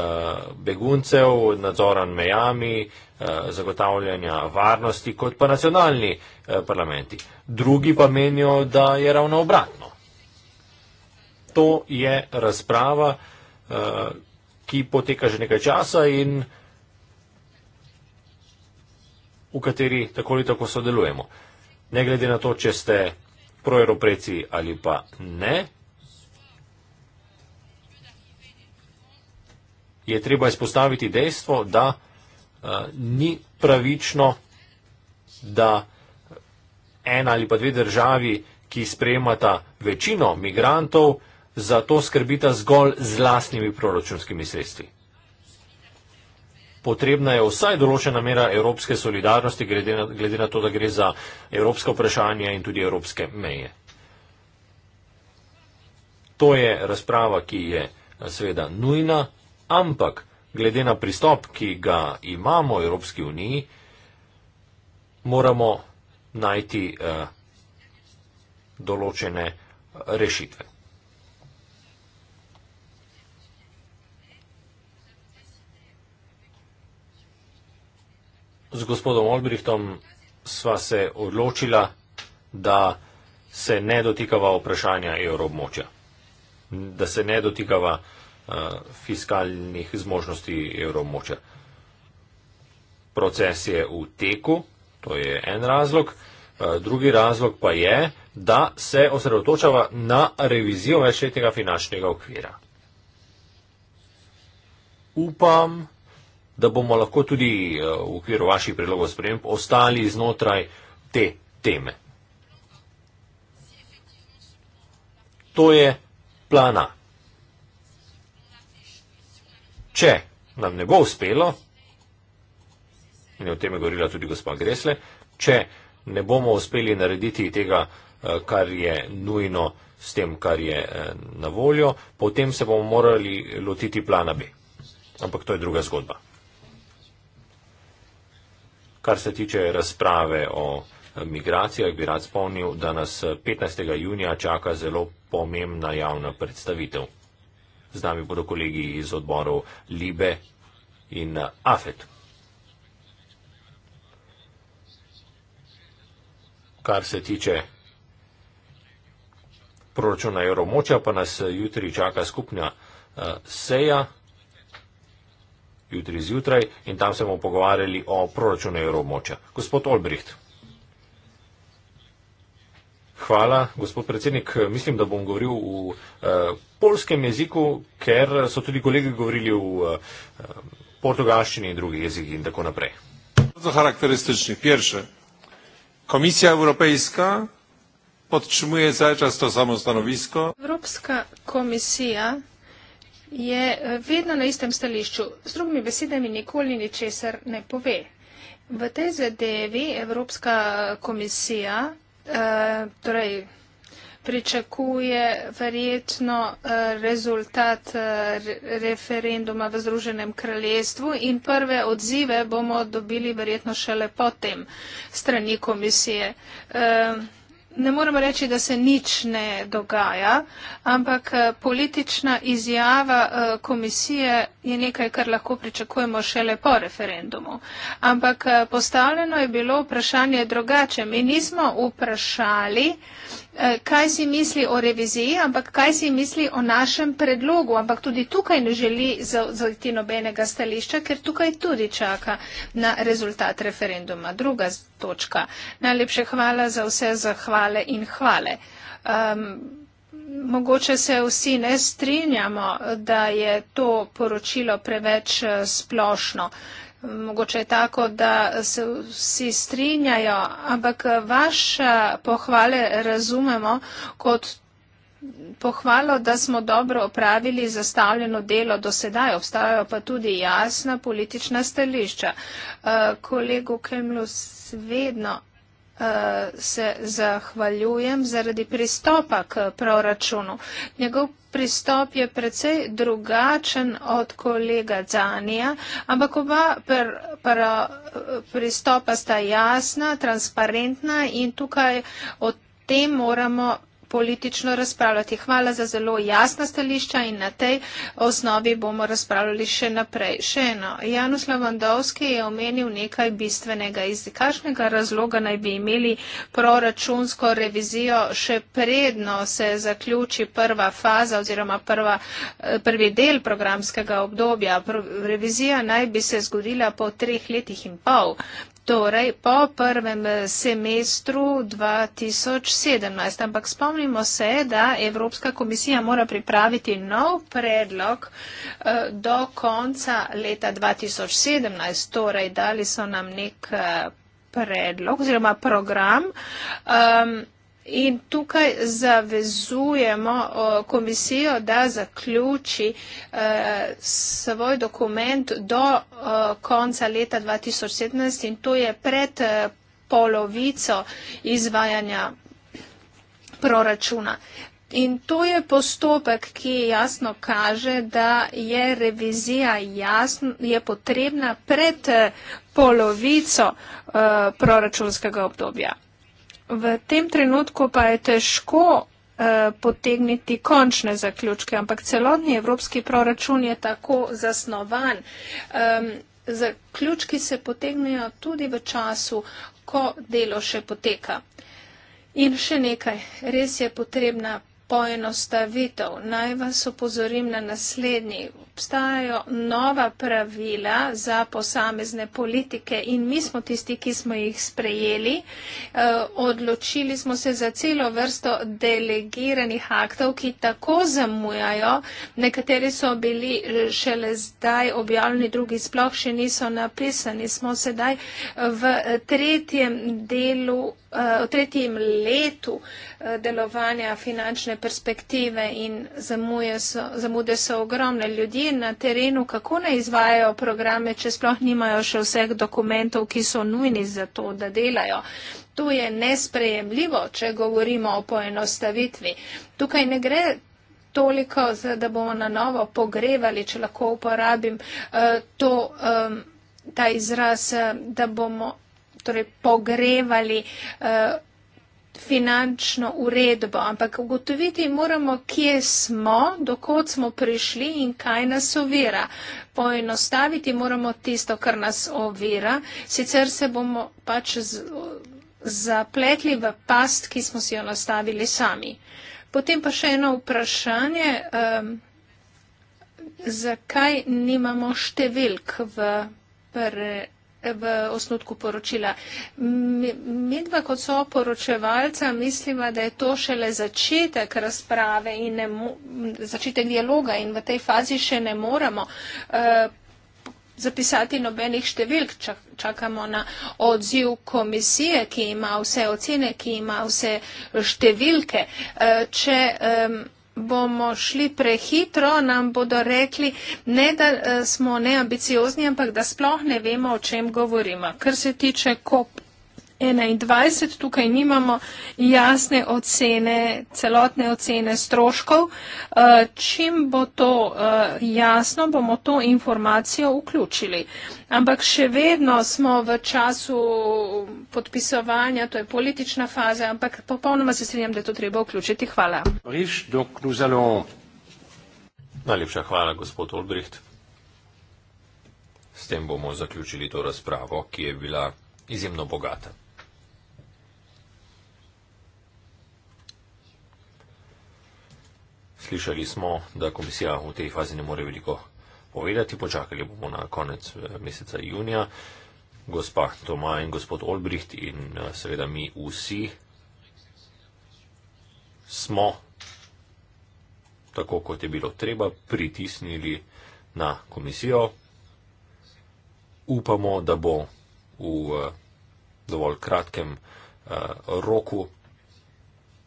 beguncev, nadzora nad mejami, uh, zagotavljanja varnosti, kot pa nacionalni uh, parlamenti. Drugi pa menijo, da je ravno obratno. To je razprava. Uh, ki poteka že nekaj časa in v kateri tako ali tako sodelujemo. Ne glede na to, če ste proeuropreci ali pa ne, je treba izpostaviti dejstvo, da uh, ni pravično, da ena ali pa dve državi, ki sprejemata večino migrantov, za to skrbita zgolj z lastnimi proračunskimi sredstvi. Potrebna je vsaj določena mera evropske solidarnosti, glede na, glede na to, da gre za evropsko vprašanje in tudi evropske meje. To je razprava, ki je sveda nujna, ampak glede na pristop, ki ga imamo v Evropski uniji, moramo najti eh, določene eh, rešitve. z gospodom Olbrihtom sva se odločila, da se ne dotikava vprašanja evroobmočja, da se ne dotikava uh, fiskalnih zmožnosti evroobmočja. Proces je v teku, to je en razlog. Eh, drugi razlog pa je, da se osredotočava na revizijo večletnega finančnega okvira. Upam, da bomo lahko tudi eh, v okviru vaših predlogov sprememb ostali znotraj te teme. To je plana. Če nam ne bo uspelo, in o tem je govorila tudi gospa Gresle, če ne bomo uspeli narediti tega, eh, kar je nujno s tem, kar je eh, na voljo, potem se bomo morali lotiti plana B. Ampak to je druga zgodba. Kar se tiče razprave o migracijah, bi rad spomnil, da nas 15. junija čaka zelo pomembna javna predstavitev. Z nami bodo kolegi iz odborov Libe in Afet. Kar se tiče proračuna evromoča, pa nas jutri čaka skupna uh, seja jutri zjutraj in tam se bomo pogovarjali o proračunu evromoča. Gospod Olbricht. Hvala, gospod predsednik. Mislim, da bom govoril v eh, polskem jeziku, ker so tudi kolegi govorili v eh, portugalščini in drugih jezikih in tako naprej. Zelo karakteristični. Prvi. Komisija Evropejska podčrmuje zdaj často samo stanovisko. Evropska komisija je eh, vedno na istem stališču. Z drugimi besedami nikoli ničesar ne pove. V tej zadevi Evropska komisija eh, torej, pričakuje verjetno eh, rezultat eh, referenduma v Združenem kraljestvu in prve odzive bomo dobili verjetno šele potem strani komisije. Eh, ne morem reči, da se nič ne dogaja, ampak eh, politična izjava eh, komisije je nekaj, kar lahko pričakujemo šele po referendumu. Ampak eh, postavljeno je bilo vprašanje drugače. Mi nismo vprašali, Eh, kaj si misli o reviziji, ampak kaj si misli o našem predlogu. Ampak tudi tukaj ne želi zaviti nobenega stališča, ker tukaj tudi čaka na rezultat referenduma. Druga točka. Najlepše hvala za vse zahvale in hvale. Um, mogoče se vsi ne strinjamo, da je to poročilo preveč eh, splošno. Mogoče je tako, da se vsi strinjajo, ampak vaše pohvale razumemo kot pohvalo, da smo dobro opravili zastavljeno delo do sedaj. Obstajajo pa tudi jasna politična stališča. Eh, kolegu Kemlus vedno se zahvaljujem zaradi pristopa k proračunu. Njegov pristop je precej drugačen od kolega Zanija, ampak oba pr, pr, pristopa sta jasna, transparentna in tukaj od tem moramo politično razpravljati. Hvala za zelo jasna stališča in na tej osnovi bomo razpravljali še naprej. Še eno. Janus Lavandovski je omenil nekaj bistvenega. Iz kakšnega razloga naj bi imeli proračunsko revizijo še predno se zaključi prva faza oziroma prva, eh, prvi del programskega obdobja. Revizija naj bi se zgodila po treh letih in pol torej po prvem eh, semestru 2017. Ampak spomnimo se, da Evropska komisija mora pripraviti nov predlog eh, do konca leta 2017. Torej, dali so nam nek eh, predlog oziroma program. Um, In tukaj zavezujemo komisijo, da zaključi e, svoj dokument do e, konca leta 2017 in to je pred e, polovico izvajanja proračuna. In to je postopek, ki jasno kaže, da je revizija jasno, je potrebna pred polovico uh, proračunskega obdobja v tem trenutku pa je težko eh, potegniti končne zaključke, ampak celotni evropski proračun je tako zasnovan. Zaključki se potegnejo tudi v času, ko delo še poteka. In še nekaj, res je potrebna poenostavitev. Naj vas opozorim na naslednji. Obstajajo nova pravila za posamezne politike in mi smo tisti, ki smo jih sprejeli. Eh, odločili smo se za celo vrsto delegiranih aktov, ki tako zamujajo. Nekateri so bili eh, šele zdaj objavljeni, drugi sploh še niso napisani. Smo sedaj eh, v tretjem delu Eh, v tretjem letu eh, delovanja finančne perspektive in zamuje so, zamude so ogromne. Ljudje na terenu, kako ne izvajajo programe, če sploh nimajo še vseh dokumentov, ki so nujni za to, da delajo. To je nesprejemljivo, če govorimo o poenostavitvi. Tukaj ne gre toliko, da bomo na novo pogrevali, če lahko uporabim eh, to, ta izraz, da bomo torej pogrevali eh, finančno uredbo, ampak ugotoviti moramo, kje smo, dokot smo prišli in kaj nas ovira. Poenostaviti moramo tisto, kar nas ovira, sicer se bomo pač z, zapletli v past, ki smo si jo nastavili sami. Potem pa še eno vprašanje, um, zakaj nimamo številk v pre, v osnutku poročila. Medva kot so poročevalca mislimo, da je to šele začetek razprave in ne, začetek dialoga in v tej fazi še ne moramo eh, zapisati nobenih številk, čakamo na odziv komisije, ki ima vse ocene, ki ima vse številke. Eh, če bomo šli prehitro, nam bodo rekli, ne da eh, smo neambiciozni, ampak da sploh ne vemo, o čem govorimo. Kar se tiče COP28, 2021. Tukaj nimamo jasne ocene, celotne ocene stroškov. Eh, čim bo to eh, jasno, bomo to informacijo vključili. Ampak še vedno smo v času podpisovanja, to je politična faza, ampak popolnoma se strinjam, da je to treba vključiti. Hvala. Najlepša hvala, gospod Olbricht. S tem bomo zaključili to razpravo, ki je bila izjemno bogata. Slišali smo, da komisija v tej fazi ne more veliko povedati, počakali bomo na konec eh, meseca junija. Gospa Toma in gospod Olbricht in eh, seveda mi vsi smo, tako kot je bilo treba, pritisnili na komisijo. Upamo, da bo v eh, dovolj kratkem roku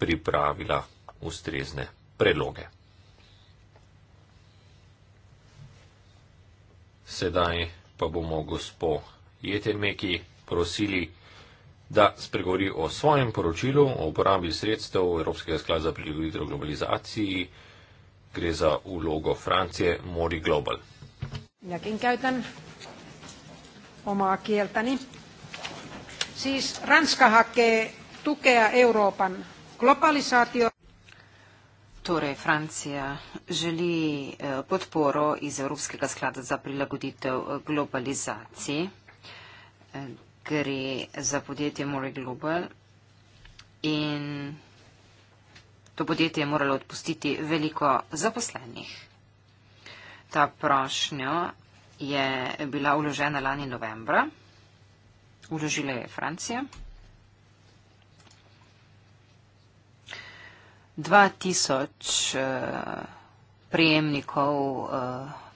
pripravila ustrezne predloge. Sedaj pa bomo gospo Jetemeki prosili, da spregovori o svojem poročilu o uporabi sredstev Evropskega sklada za prilagoditev globalizaciji. Gre za vlogo Francije Mori Global. Siis Ranska hakee tukea Euroopan globalisaatio. Torej, Francija želi eh, podporo iz Evropskega sklada za prilagoditev eh, globalizaciji. Eh, gre za podjetje More Global in to podjetje je moralo odpustiti veliko zaposlenih. Ta prošnja je bila uložena lani novembra, uložila je Francija. 2000 uh, eh, prejemnikov uh,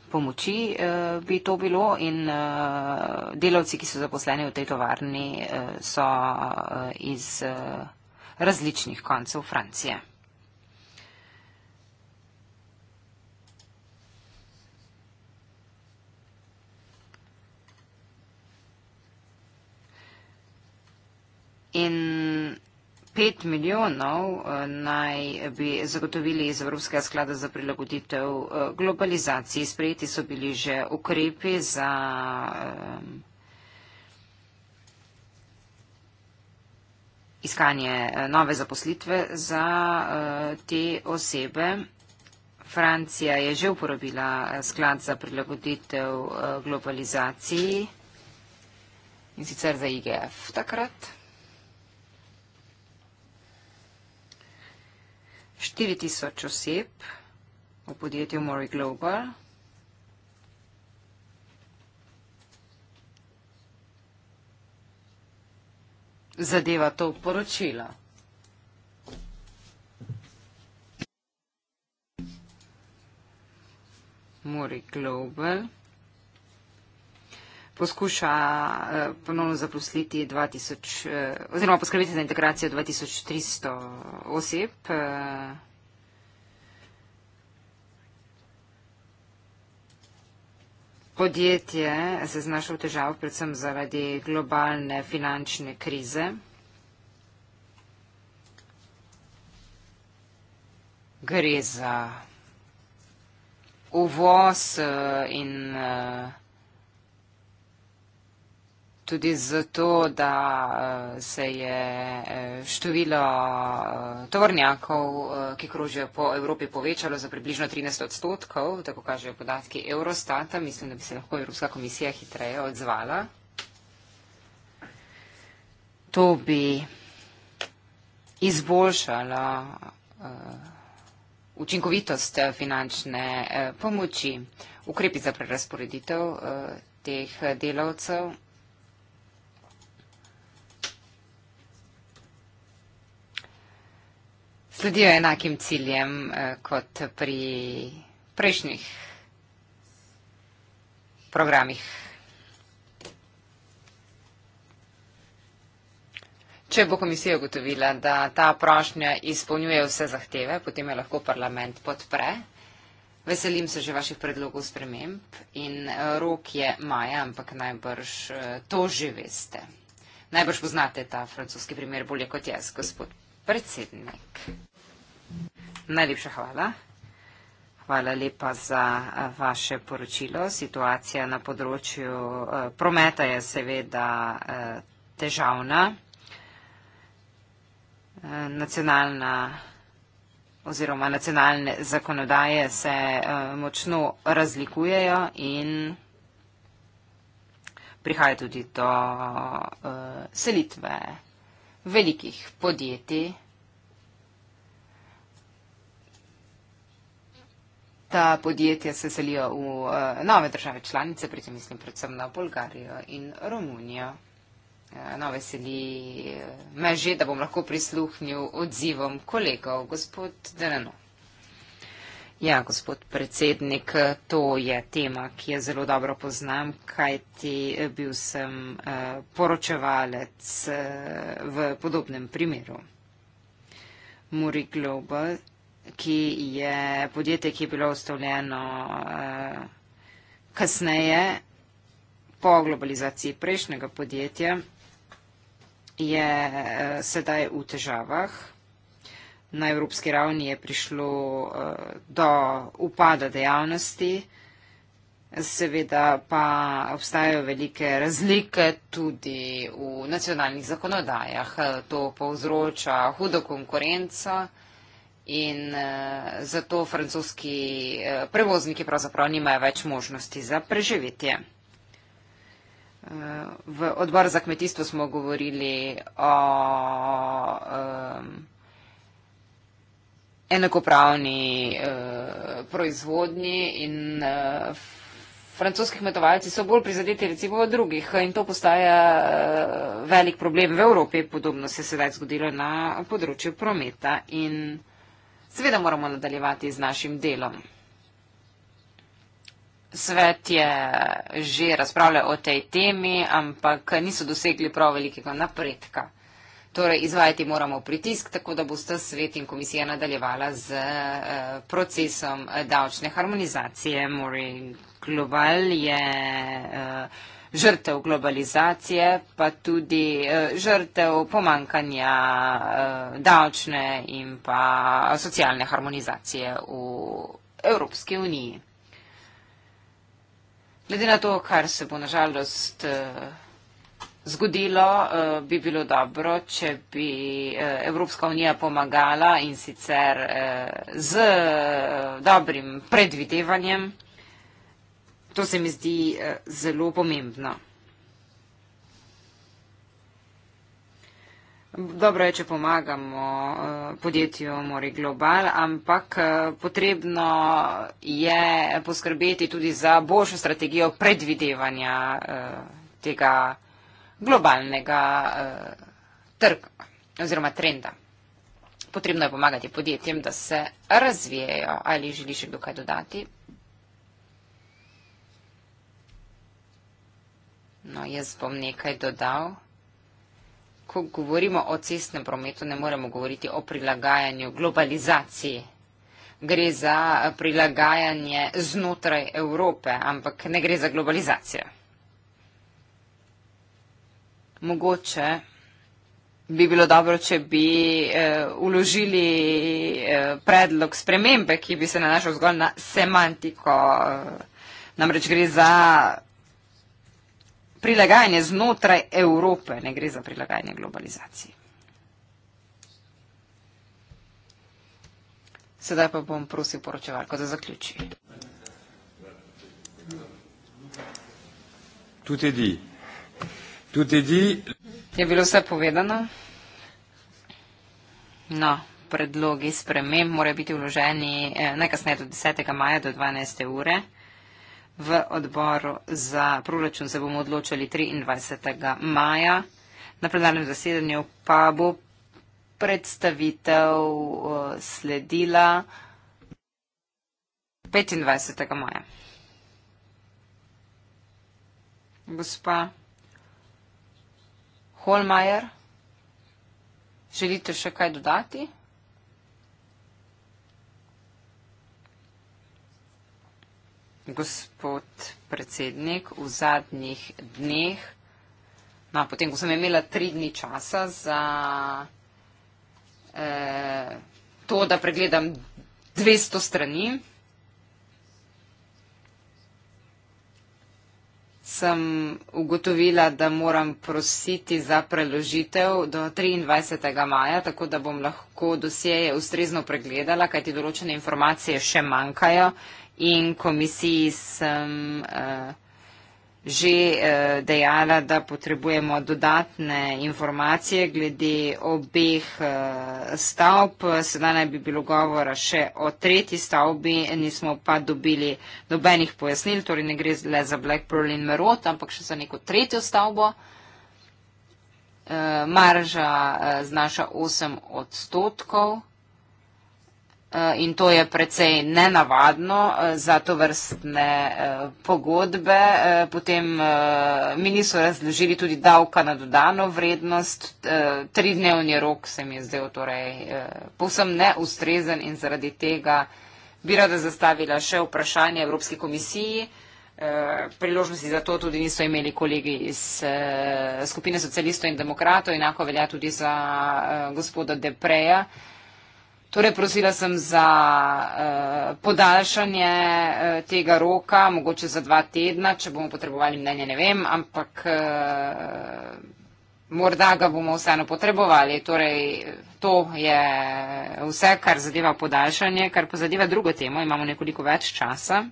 pomoči uh, bi to bilo in uh, delavci, ki so zaposleni v tej tovarni, uh, so uh, iz uh, različnih koncev Francije. pet milijonov eh, naj bi zagotovili iz Evropskega sklada za prilagoditev eh, globalizaciji. Sprejeti so bili že ukrepi za eh, iskanje nove zaposlitve za te osebe. Francija je že uporabila sklad za prilagoditev globalizaciji in sicer za IGF takrat. 4000 oseb v podjetju Mori Global. Zadeva to poročilo. Mori Global poskuša eh, ponovno zaposliti 2000, eh, oziroma poskrbeti za integracijo 2300 oseb. Eh. Podjetje se znašlo v težav predvsem zaradi globalne finančne krize. Gre za uvoz in uh, tudi zato, da eh, se je eh, število eh, tovornjakov, ki krožijo po Evropi, povečalo za približno 13 odstotkov, tako kažejo podatki Eurostata. Mislim, da bi se lahko Evropska komisija hitreje odzvala. To bi izboljšalo učinkovitost finančne pomoči, ukrepi za prerasporeditev teh delavcev. sledijo enakim ciljem eh, kot pri prejšnjih programih. Če bo komisija ugotovila, da ta prošnja izpolnjuje vse zahteve, potem jo lahko parlament podpre. Veselim se že vaših predlogov sprememb in eh, rok je maja, ampak najbrž eh, to že veste. Najbrž poznate ta francoski primer bolje kot jaz, gospod predsednik. Najlepša hvala. Hvala lepa za eh, vaše poročilo. Situacija na področju eh, prometa je seveda eh, težavna. Nacionalna oziroma nacionalne zakonodaje se močno razlikujejo in prihaja tudi do selitve velikih podjetij ta podjetja se selijo v eh, nove države članice, pri tem mislim predvsem na Bolgarijo in Romunijo. Eh, nove seli eh, me že, da bom lahko prisluhnil odzivom kolegov, gospod Deneno. Ja, gospod predsednik, to je tema, ki jo zelo dobro poznam, kajti bil sem poročevalec v podobnem primeru. Muri Global ki je podjetje, ki je bilo ustavljeno eh, kasneje po globalizaciji prejšnjega podjetja, je eh, sedaj v težavah. Na evropski ravni je prišlo eh, do upada dejavnosti, seveda pa obstajajo velike razlike tudi v nacionalnih zakonodajah. To povzroča hudo konkurenco in uh, zato francoski uh, prevozniki pravzaprav nimajo več možnosti za preživetje. Uh, v odbor za kmetijstvo smo govorili o um, enakopravni uh, proizvodnji in uh, francoski kmetovalci so bolj prizadeti recimo od drugih in to postaja uh, velik problem v Evropi, podobno se je sedaj zgodilo na področju prometa. In, Seveda moramo nadaljevati z našim delom. Svet je že razpravljal o tej temi, ampak niso dosegli prav velikega napredka. Torej, izvajati moramo pritisk, tako da boste svet in komisija nadaljevala z eh, procesom eh, davčne harmonizacije. Mori Global je. Eh, žrtev globalizacije, pa tudi eh, žrtev pomankanja eh, davčne in pa socialne harmonizacije v Evropski uniji. Glede na to, kar se bo nažalost eh, zgodilo, bi bilo dobro, če bi Evropska unija pomagala in sicer z dobrim predvidevanjem. To se mi zdi eh, zelo pomembno. Dobro je, če pomagamo eh, podjetju Mori Global, ampak eh, potrebno je poskrbeti tudi za boljšo strategijo predvidevanja tega globalnega trga oziroma trenda. Potrebno je pomagati podjetjem, da se razvijajo. Ali želi še kdo kaj dodati? No, jaz bom nekaj dodal. Ko govorimo o cestnem prometu, ne moremo govoriti o prilagajanju globalizaciji. Gre za prilagajanje znotraj Evrope, ampak ne gre za globalizacijo. Mogoče bi bilo dobro, če bi uh, eh, uložili uh, eh, predlog spremembe, ki bi se nanašal zgolj na semantiko. Uh, namreč gre za prilagajanje znotraj Evrope, ne gre za prilagajanje globalizaciji. Sedaj pa bom prosil poročevalko, da zaključi. Je bilo vse povedano? No, predlogi spremem mora biti vloženi eh, najkasneje do 10. maja do 12. ure v odboru za proračun se bomo odločili 23. maja. Na plenarnem zasedanju pa bo predstavitev uh, sledila 25. maja. Gospa Holmajer, želite še kaj dodati? gospod predsednik, v zadnjih dneh, no, potem, ko sem imela tri dni časa za eh, to, da pregledam 200 strani, sem ugotovila, da moram prositi za preložitev do 23. maja, tako da bom lahko dosjeje ustrezno pregledala, kajti določene informacije še manjkajo in komisiji sem eh, že eh, dejala, da potrebujemo dodatne informacije glede obeh eh, stavb. Sedaj naj bi bilo govora še o tretji stavbi, nismo pa dobili nobenih pojasnil, torej ne gre le za Black Pearl in Merot, ampak še za neko tretjo stavbo. Marža znaša 8 odstotkov. Eh, in to je precej nenavadno eh, za to vrstne eh, pogodbe. Potem mi niso razložili tudi davka na dodano vrednost. Tridnevni rok se mi je zdel torej povsem neustrezen in zaradi tega bi rada zastavila še vprašanje Evropski komisiji. Priložnosti za to tudi niso imeli kolegi iz skupine socialistov in demokratov. Enako velja tudi za gospoda Depreja. Torej, prosila sem za uh, podaljšanje uh, tega roka, mogoče za dva tedna, če bomo potrebovali mnenje, ne vem, ampak uh, morda ga bomo vseeno potrebovali. Torej, to je vse, kar zadeva podaljšanje. Kar pa zadeva drugo temo, imamo nekoliko več časa.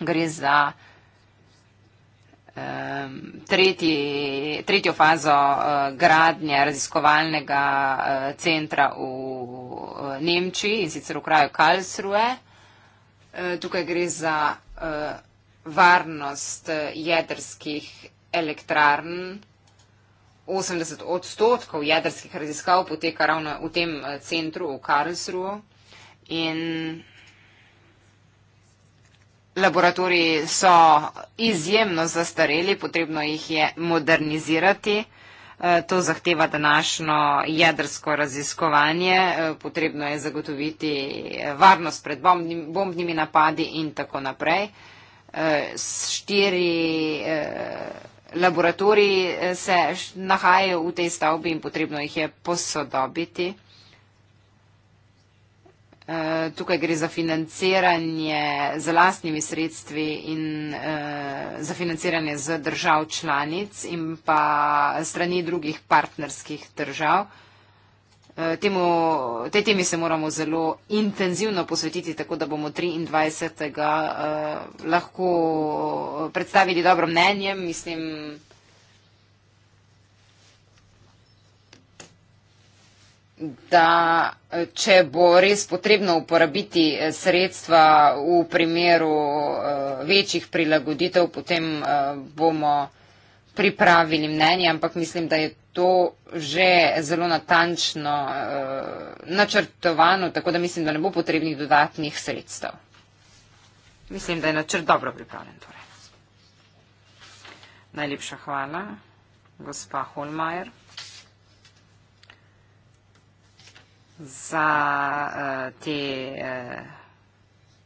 Gre za. Uh, um, tretji, tretjo fazo uh, gradnje raziskovalnega uh, centra v uh, Nemčiji in sicer v kraju Karlsruhe. Uh, tukaj gre za uh, varnost jedrskih elektrarn. 80 odstotkov jedrskih raziskav poteka ravno v tem centru v Karlsruhe. In Laboratoriji so izjemno zastareli, potrebno jih je modernizirati. Eh, to zahteva današnjo jedrsko raziskovanje, eh, potrebno je zagotoviti varnost pred bombnimi napadi in tako naprej. Eh, štiri laboratoriji se nahajajo v tej stavbi in potrebno jih je posodobiti. Eh, tukaj gre za financiranje z lastnimi sredstvi in uh, za financiranje z držav članic in pa strani drugih partnerskih držav. Eh, temu, te temi se moramo zelo intenzivno posvetiti, tako da bomo 23. Uh, lahko predstavili dobro mnenje. Mislim, uh, da če bo res potrebno uporabiti eh, sredstva v primeru eh, večjih prilagoditev, potem eh, bomo pripravili mnenje, ampak mislim, da je to že zelo natančno načrtovano, tako da mislim, da ne bo potrebnih dodatnih sredstev. Mislim, da je načrt dobro pripravljen. Torej. Najlepša hvala, gospa Holmajer. za uh, te uh,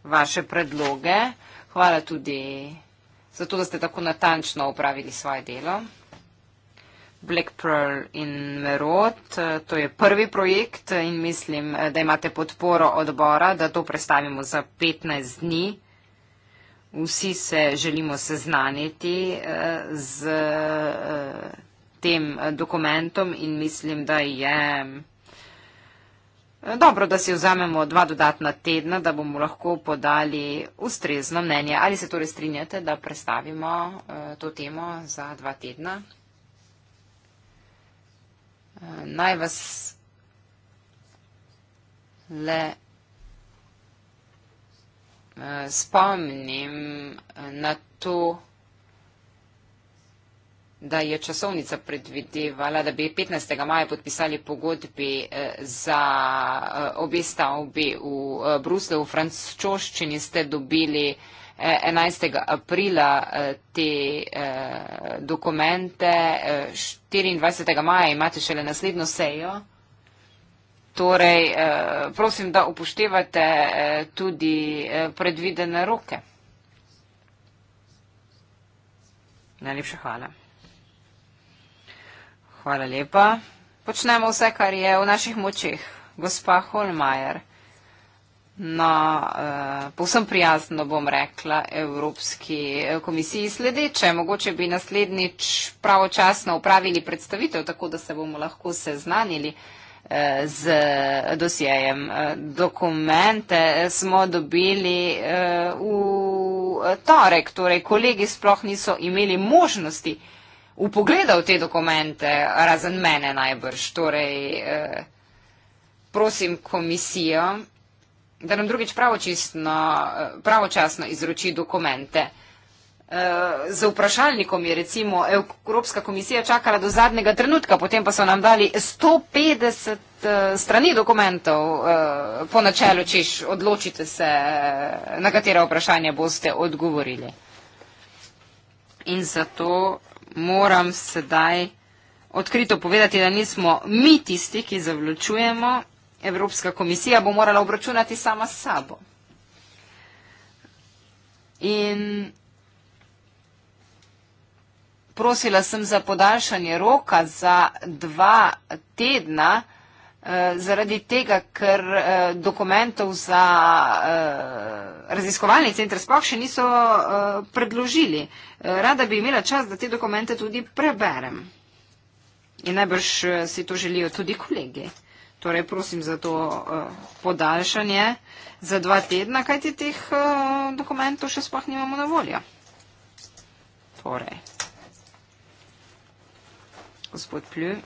vaše predloge. Hvala tudi za to, da ste tako natančno upravili svoje delo. Black Pearl in Merod, eh, to je prvi projekt in mislim, da imate podporo odbora, da to predstavimo za 15 dni. Vsi se želimo seznaniti z tem dokumentom in mislim, da je. Dobro, da si vzamemo dva dodatna tedna, da bomo lahko podali ustrezno mnenje. Ali se torej strinjate, da predstavimo eh, to temo za dva tedna? Eh, naj vas le eh, spomnim na to, da je časovnica predvidevala, da bi 15. maja podpisali pogodbi eh, za eh, obe stavbi v eh, Bruslju, v francoščini ste dobili 11. aprila te dokumente, 24. maja imate šele naslednjo sejo. Torej, prosim, da upoštevate tudi predvidene roke. Najlepša hvala. Hvala lepa. Počnemo vse, kar je v naših močih. Gospa Holmajer, na no, eh, povsem prijazno bom rekla Evropski eh, komisiji sledeče, mogoče bi naslednjič pravočasno upravili predstavitev, tako da se bomo lahko seznanili eh, z dosjejem. Eh, dokumente eh, smo dobili eh, v torek, torej kolegi sploh niso imeli možnosti upogleda v te dokumente, razen mene najbrž. Torej, eh, prosim komisijo, da nam drugič pravočasno, eh, pravočasno izroči dokumente. Eh, z vprašalnikom je recimo Evropska komisija čakala do zadnjega trenutka, potem pa so nam dali 150 eh, strani dokumentov eh, po načelu, češ odločite se, na katera vprašanja boste odgovorili. In zato moram sedaj odkrito povedati, da nismo mi tisti, ki zavlačujemo. Evropska komisija bo morala obračunati sama s sabo. In prosila sem za podaljšanje roka za dva tedna, Eh, zaradi tega, ker uh, dokumentov za uh, raziskovalni center sploh še niso uh, predložili. Rada bi imela čas, da te dokumente tudi preberem. In najbrž si to želijo tudi kolegi. Torej, prosim za to uh, podaljšanje za dva tedna, kajti teh uh, dokumentov še sploh nimamo na voljo. Torej, gospod Pljuj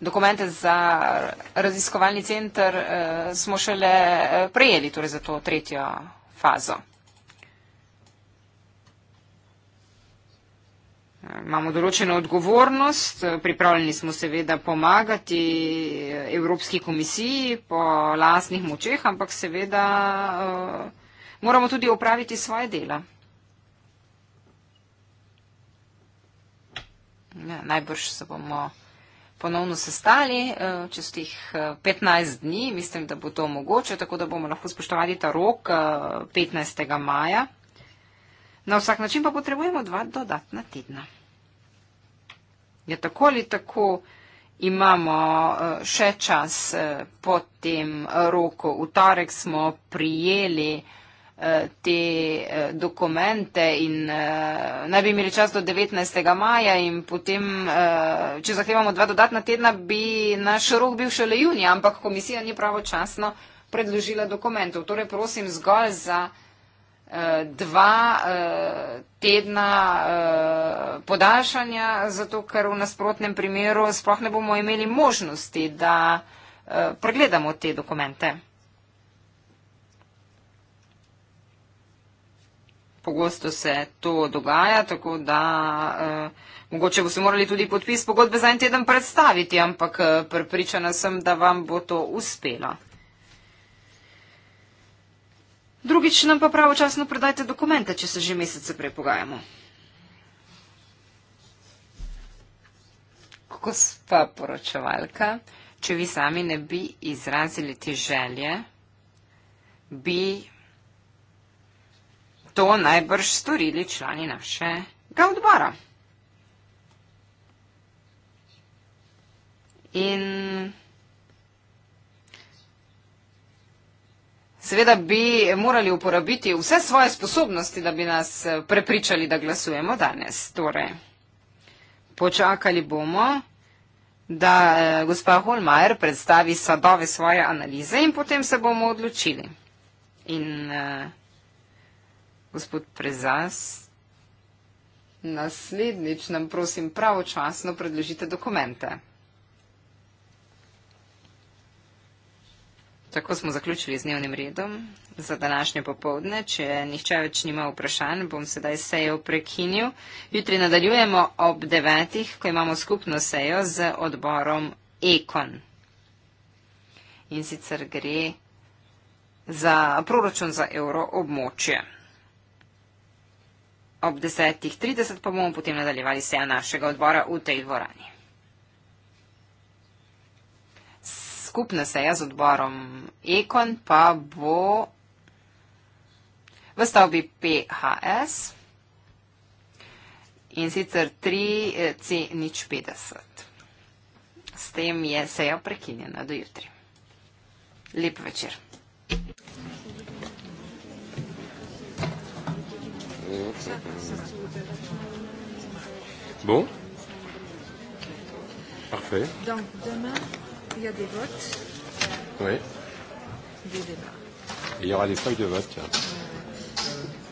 dokumente za raziskovalni centr eh, smo šele eh, prejeli, torej za to tretjo fazo. Imamo določeno odgovornost, eh, pripravljeni smo seveda pomagati eh, Evropski komisiji po lasnih močeh, ampak seveda uh, moramo tudi opraviti svoje dela. Ja, najbrž se bomo ponovno sestali eh, čez tih 15 eh, dni. Mislim, da bo to mogoče, tako da bomo lahko spoštovali ta rok 15. Eh, maja. Na vsak način pa potrebujemo dva dodatna tedna. Ja, tako ali tako imamo še čas po tem roku. V torek smo prijeli te eh, dokumente in eh, naj bi imeli čas do 19. maja in potem, eh, če zahtevamo dva dodatna tedna, bi naš rok bil šele junija, ampak komisija ni pravočasno predložila dokumentov. Torej prosim zgolj za dva tedna podaljšanja, zato ker v nasprotnem primeru sploh ne bomo imeli možnosti, da pregledamo te dokumente. pogosto se to dogaja, tako da eh, mogoče boste morali tudi podpis pogodbe za en teden predstaviti, ampak eh, prepričana sem, da vam bo to uspelo. Drugič nam pa pravočasno predajte dokumente, če se že mesece prej pogajamo. Gospa poročevalka, če vi sami ne bi izrazili te želje, bi to najbrž storili člani našega odbora. In seveda bi morali uporabiti vse svoje sposobnosti, da bi nas prepričali, da glasujemo danes. Torej, počakali bomo, da eh, gospa Holmajer predstavi sadove svoje analize in potem se bomo odločili. In, uh, gospod Prezas, naslednjič nam prosim pravočasno predložite dokumente. Tako smo zaključili z dnevnim redom za današnje popovdne. Če nihče več nima vprašanj, bom sedaj sejo prekinil. Jutri nadaljujemo ob devetih, ko imamo skupno sejo z odborom Ekon. In sicer gre za proračun za evroobmočje ob 10.30 pa bomo potem nadaljevali seja našega odbora v tej dvorani. Skupna seja z odborom Ekon pa bo v stavbi PHS in sicer 3C050. S tem je seja prekinjena do jutri. Lep večer. predsedujoča. Bo? Parfait. Donc, demain, il y a des votes. Oui. Des débats. Et il y aura des feuilles de vote. Oui.